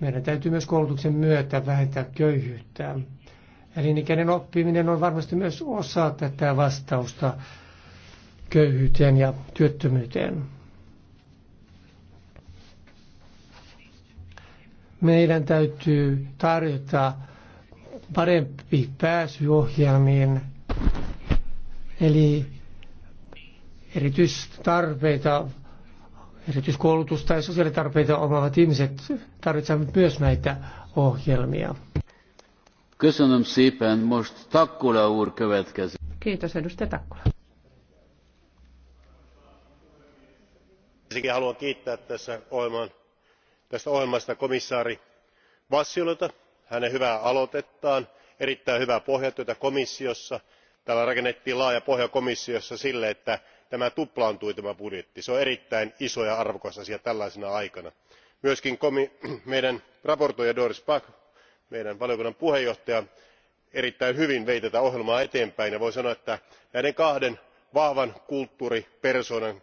Meidän täytyy myös koulutuksen myötä vähentää köyhyyttä. ikäinen oppiminen on varmasti myös osa tätä vastausta köyhyyteen ja työttömyyteen. Meidän täytyy tarjota parempi pääsy eli erityistarpeita, erityiskoulutus- tai sosiaalitarpeita omaavat ihmiset tarvitsevat myös näitä ohjelmia. Köszönöm szépen, most Takkula úr következik. Kiitos, edustaja Takkula. Ensinnäkin haluan kiittää tässä ohjelman tästä ohjelmasta komissaari vassiolta hänen hyvää aloitettaan erittäin hyvää pohjatyötä komissiossa. täällä rakennettiin laaja pohja komissiossa sille että tämä budjetti tuplaantui. se on erittäin iso ja arvokas asia tällaisena aikana. myös meidän esittelijämme doris pack meidän valiokunnan puheenjohtaja erittäin hyvin vei tätä ohjelmaa eteenpäin ja voi sanoa että näiden kahden vahvan kulttuuripersoonan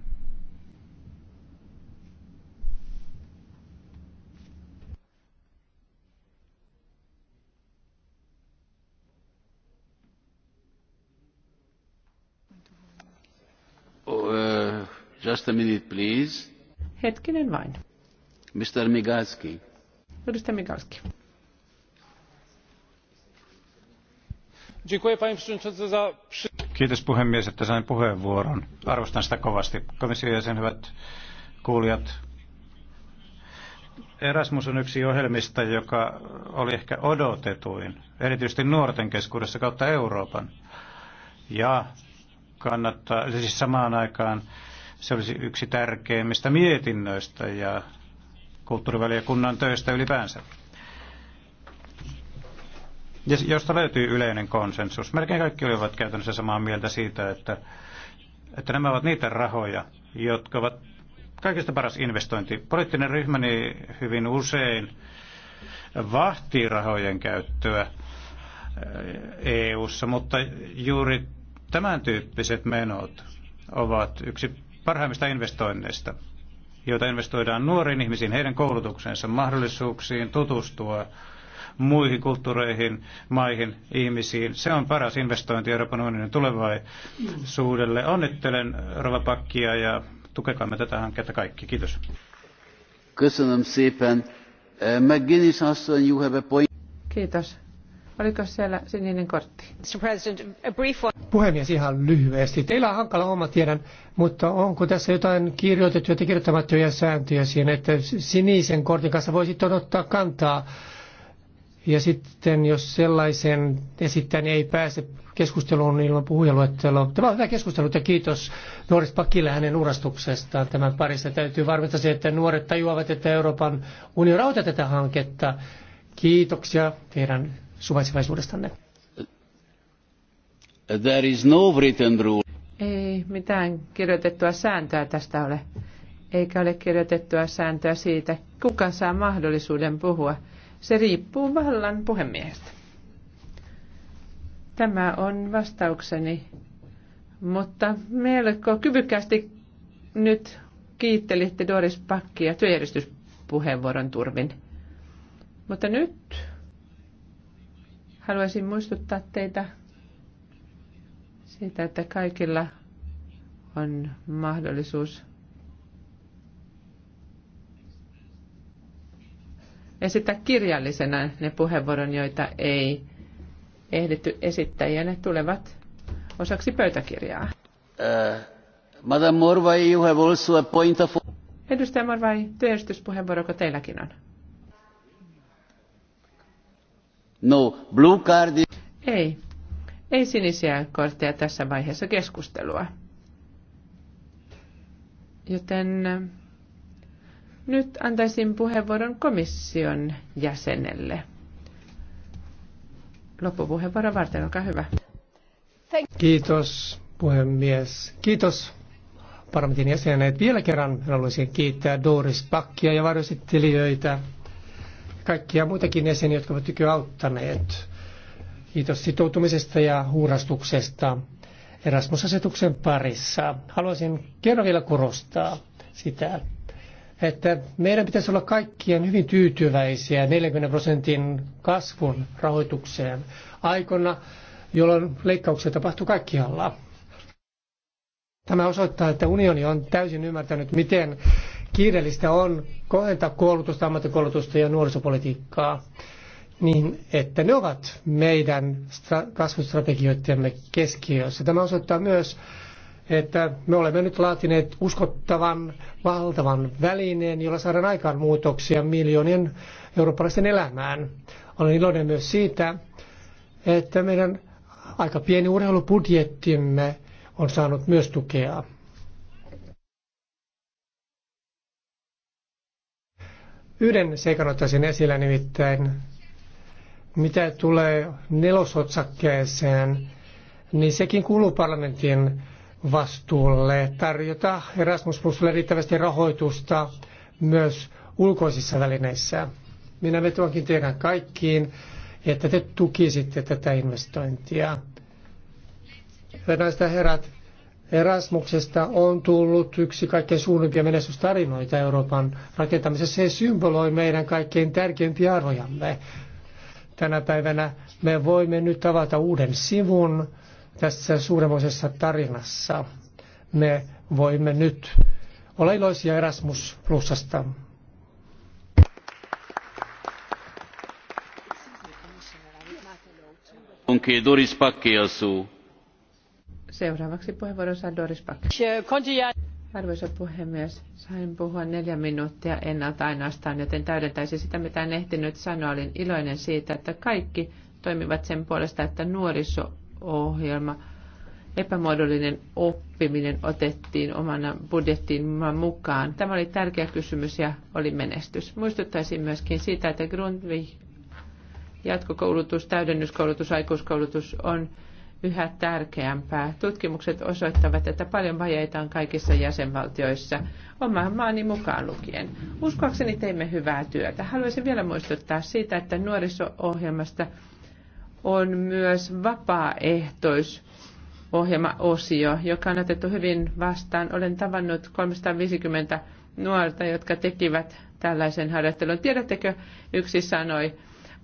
Just a minute, please. Hetkinen vain. Mr. Migalski. Edustaja Migalski. Kiitos puhemies, että sain puheenvuoron. Arvostan sitä kovasti. Komission jäsen, hyvät kuulijat. Erasmus on yksi ohjelmista, joka oli ehkä odotetuin, erityisesti nuorten keskuudessa kautta Euroopan. Ja kannattaa, siis samaan aikaan se olisi yksi tärkeimmistä mietinnöistä ja kulttuurivaliokunnan töistä ylipäänsä. Ja josta löytyy yleinen konsensus. Melkein kaikki olivat käytännössä samaa mieltä siitä, että, että nämä ovat niitä rahoja, jotka ovat kaikista paras investointi. Poliittinen ryhmäni hyvin usein vahtii rahojen käyttöä eu eh, e mutta juuri tämän tyyppiset menot ovat yksi parhaimmista investoinneista, joita investoidaan nuoriin ihmisiin, heidän koulutuksensa, mahdollisuuksiin tutustua muihin kulttuureihin, maihin, ihmisiin. Se on paras investointi Euroopan unionin tulevaisuudelle. Onnittelen Rova Pakkia ja tukekaamme tätä hanketta kaikki. Kiitos. Eh, Kiitos. Oliko siellä sininen kortti? Puhemies, ihan lyhyesti. Teillä on hankala homma, tiedän, mutta onko tässä jotain kirjoitettuja tai kirjoittamattomia sääntöjä siihen, että sinisen kortin kanssa voisi odottaa kantaa ja sitten jos sellaisen esittäjän niin ei pääse keskusteluun ilman puhujaluetteloa. Tämä on hyvä keskustelu ja kiitos Nuoris Pakille hänen urastuksestaan tämän parissa. Täytyy varmistaa se, että nuoret tajuavat, että Euroopan unioni rahoittaa tätä hanketta. Kiitoksia teidän suvaitsevaisuudestanne? There is no written rule. Ei mitään kirjoitettua sääntöä tästä ole. Eikä ole kirjoitettua sääntöä siitä, kuka saa mahdollisuuden puhua. Se riippuu vallan puhemiehestä. Tämä on vastaukseni, mutta melko kyvykkäästi nyt kiittelitte Doris Pakkia työjärjestyspuheenvuoron turvin. Mutta nyt Haluaisin muistuttaa teitä siitä, että kaikilla on mahdollisuus esittää kirjallisena ne puheenvuoron, joita ei ehditty esittää, ja ne tulevat osaksi pöytäkirjaa. Uh, Madame Morvai, you have also a point of... Edustaja Morvai, työjärjestyspuheenvuoroko teilläkin on? No, blue card Ei. Ei sinisiä kortteja tässä vaiheessa keskustelua. Joten äh, nyt antaisin puheenvuoron komission jäsenelle. Loppupuheenvuoro varten, olkaa hyvä. Kiitos puhemies. Kiitos parlamentin jäsenet. Vielä kerran haluaisin kiittää Doris Pakkia ja varjosittelijöitä kaikkia muitakin jäseniä, jotka ovat tykyä auttaneet. Kiitos sitoutumisesta ja huurastuksesta Erasmus-asetuksen parissa. Haluaisin kerran vielä korostaa sitä, että meidän pitäisi olla kaikkien hyvin tyytyväisiä 40 prosentin kasvun rahoitukseen aikana, jolloin leikkauksia tapahtuu kaikkialla. Tämä osoittaa, että unioni on täysin ymmärtänyt, miten Kiireellistä on kohentaa koulutusta, ammattikoulutusta ja nuorisopolitiikkaa niin, että ne ovat meidän kasvustrategioittemme keskiössä. Tämä osoittaa myös, että me olemme nyt laatineet uskottavan, valtavan välineen, jolla saadaan aikaan muutoksia miljoonien eurooppalaisten elämään. Olen iloinen myös siitä, että meidän aika pieni urheilubudjettimme on saanut myös tukea. Yhden seikan ottaisin esillä nimittäin, mitä tulee nelosotsakkeeseen, niin sekin kuuluu parlamentin vastuulle tarjota Erasmus Plusille riittävästi rahoitusta myös ulkoisissa välineissä. Minä vetoankin teidän kaikkiin, että te tukisitte tätä investointia. Hyvät naiset ja herrat, Erasmuksesta on tullut yksi kaikkein suurimpia menestystarinoita Euroopan rakentamisessa. Se symboloi meidän kaikkein tärkeimpiä arvojamme. Tänä päivänä me voimme nyt avata uuden sivun tässä suuremmoisessa tarinassa. Me voimme nyt olla iloisia Erasmus Plusasta. Onkin Doris Seuraavaksi puheenvuoron saa Doris Pack. Arvoisa puhemies, sain puhua neljä minuuttia ennalta ainoastaan, joten täydentäisin sitä, mitä en ehtinyt sanoa. Olin iloinen siitä, että kaikki toimivat sen puolesta, että nuoriso-ohjelma, epämuodollinen oppiminen otettiin omana budjettiin mukaan. Tämä oli tärkeä kysymys ja oli menestys. Muistuttaisin myöskin siitä, että Grundvig jatkokoulutus, täydennyskoulutus, aikuiskoulutus on yhä tärkeämpää. Tutkimukset osoittavat, että paljon vajeita on kaikissa jäsenvaltioissa, oman maani mukaan lukien. Uskoakseni teimme hyvää työtä. Haluaisin vielä muistuttaa siitä, että nuoriso-ohjelmasta on myös vapaaehtois ohjelmaosio, joka on otettu hyvin vastaan. Olen tavannut 350 nuorta, jotka tekivät tällaisen harjoittelun. Tiedättekö, yksi sanoi,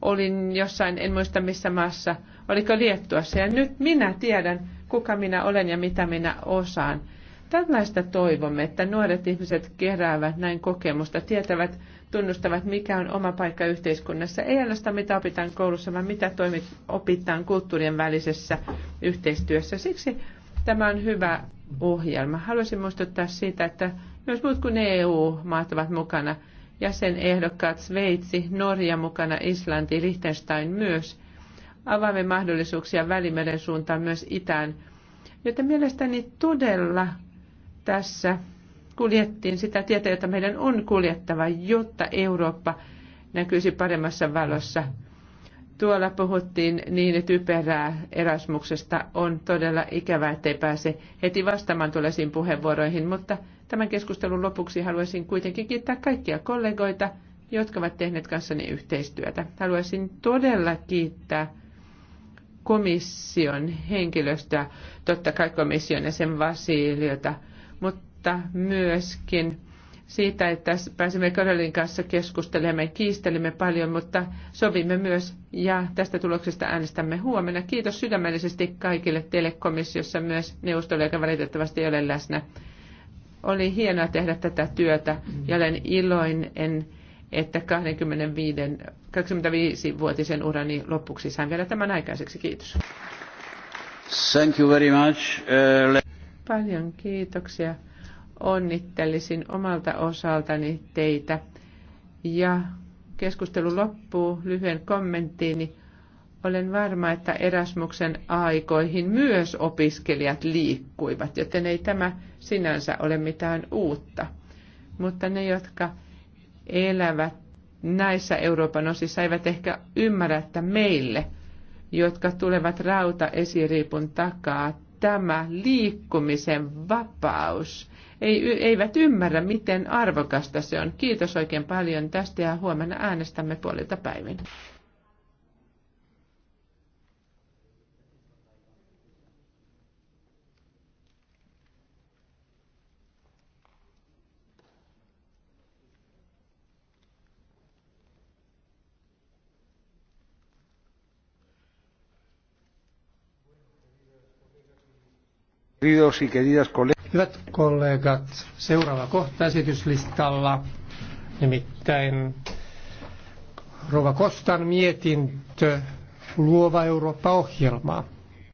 olin jossain, en muista missä maassa, oliko Liettuassa. Ja nyt minä tiedän, kuka minä olen ja mitä minä osaan. Tällaista toivomme, että nuoret ihmiset keräävät näin kokemusta, tietävät, tunnustavat, mikä on oma paikka yhteiskunnassa. Ei ainoastaan mitä opitaan koulussa, vaan mitä toimit, opitaan kulttuurien välisessä yhteistyössä. Siksi tämä on hyvä ohjelma. Haluaisin muistuttaa siitä, että myös muut kuin EU-maat ovat mukana – jäsenehdokkaat Sveitsi, Norja mukana, Islanti, Liechtenstein myös. Avaamme mahdollisuuksia Välimeren suuntaan myös itään. Joten mielestäni todella tässä kuljettiin sitä tietä, jota meidän on kuljettava, jotta Eurooppa näkyisi paremmassa valossa – Tuolla puhuttiin niin, typerää Erasmuksesta on todella ikävää, ettei pääse heti vastaamaan tuollaisiin puheenvuoroihin, mutta tämän keskustelun lopuksi haluaisin kuitenkin kiittää kaikkia kollegoita, jotka ovat tehneet kanssani yhteistyötä. Haluaisin todella kiittää komission henkilöstöä, totta kai komission ja sen Vasiliota, mutta myöskin siitä, että pääsimme Karolin kanssa keskustelemaan. Kiistelimme paljon, mutta sovimme myös ja tästä tuloksesta äänestämme huomenna. Kiitos sydämellisesti kaikille teille komissiossa myös neuvostolle, joka valitettavasti ei ole läsnä. Oli hienoa tehdä tätä työtä ja olen iloinen, että 25, 25-vuotisen urani lopuksi sain vielä tämän aikaiseksi. Kiitos. Thank you very much. Uh, Paljon kiitoksia onnittelisin omalta osaltani teitä. Ja keskustelu loppuu lyhyen kommenttiini. Olen varma, että Erasmuksen aikoihin myös opiskelijat liikkuivat, joten ei tämä sinänsä ole mitään uutta. Mutta ne, jotka elävät näissä Euroopan osissa, eivät ehkä ymmärrä, että meille, jotka tulevat rauta esiriipun takaa, tämä liikkumisen vapaus – ei, eivät ymmärrä, miten arvokasta se on. Kiitos oikein paljon tästä ja huomenna äänestämme puolilta päivin. Hyvät kollegat, seuraava kohta esityslistalla, nimittäin Rova Kostan mietintö Luova Eurooppa-ohjelmaa.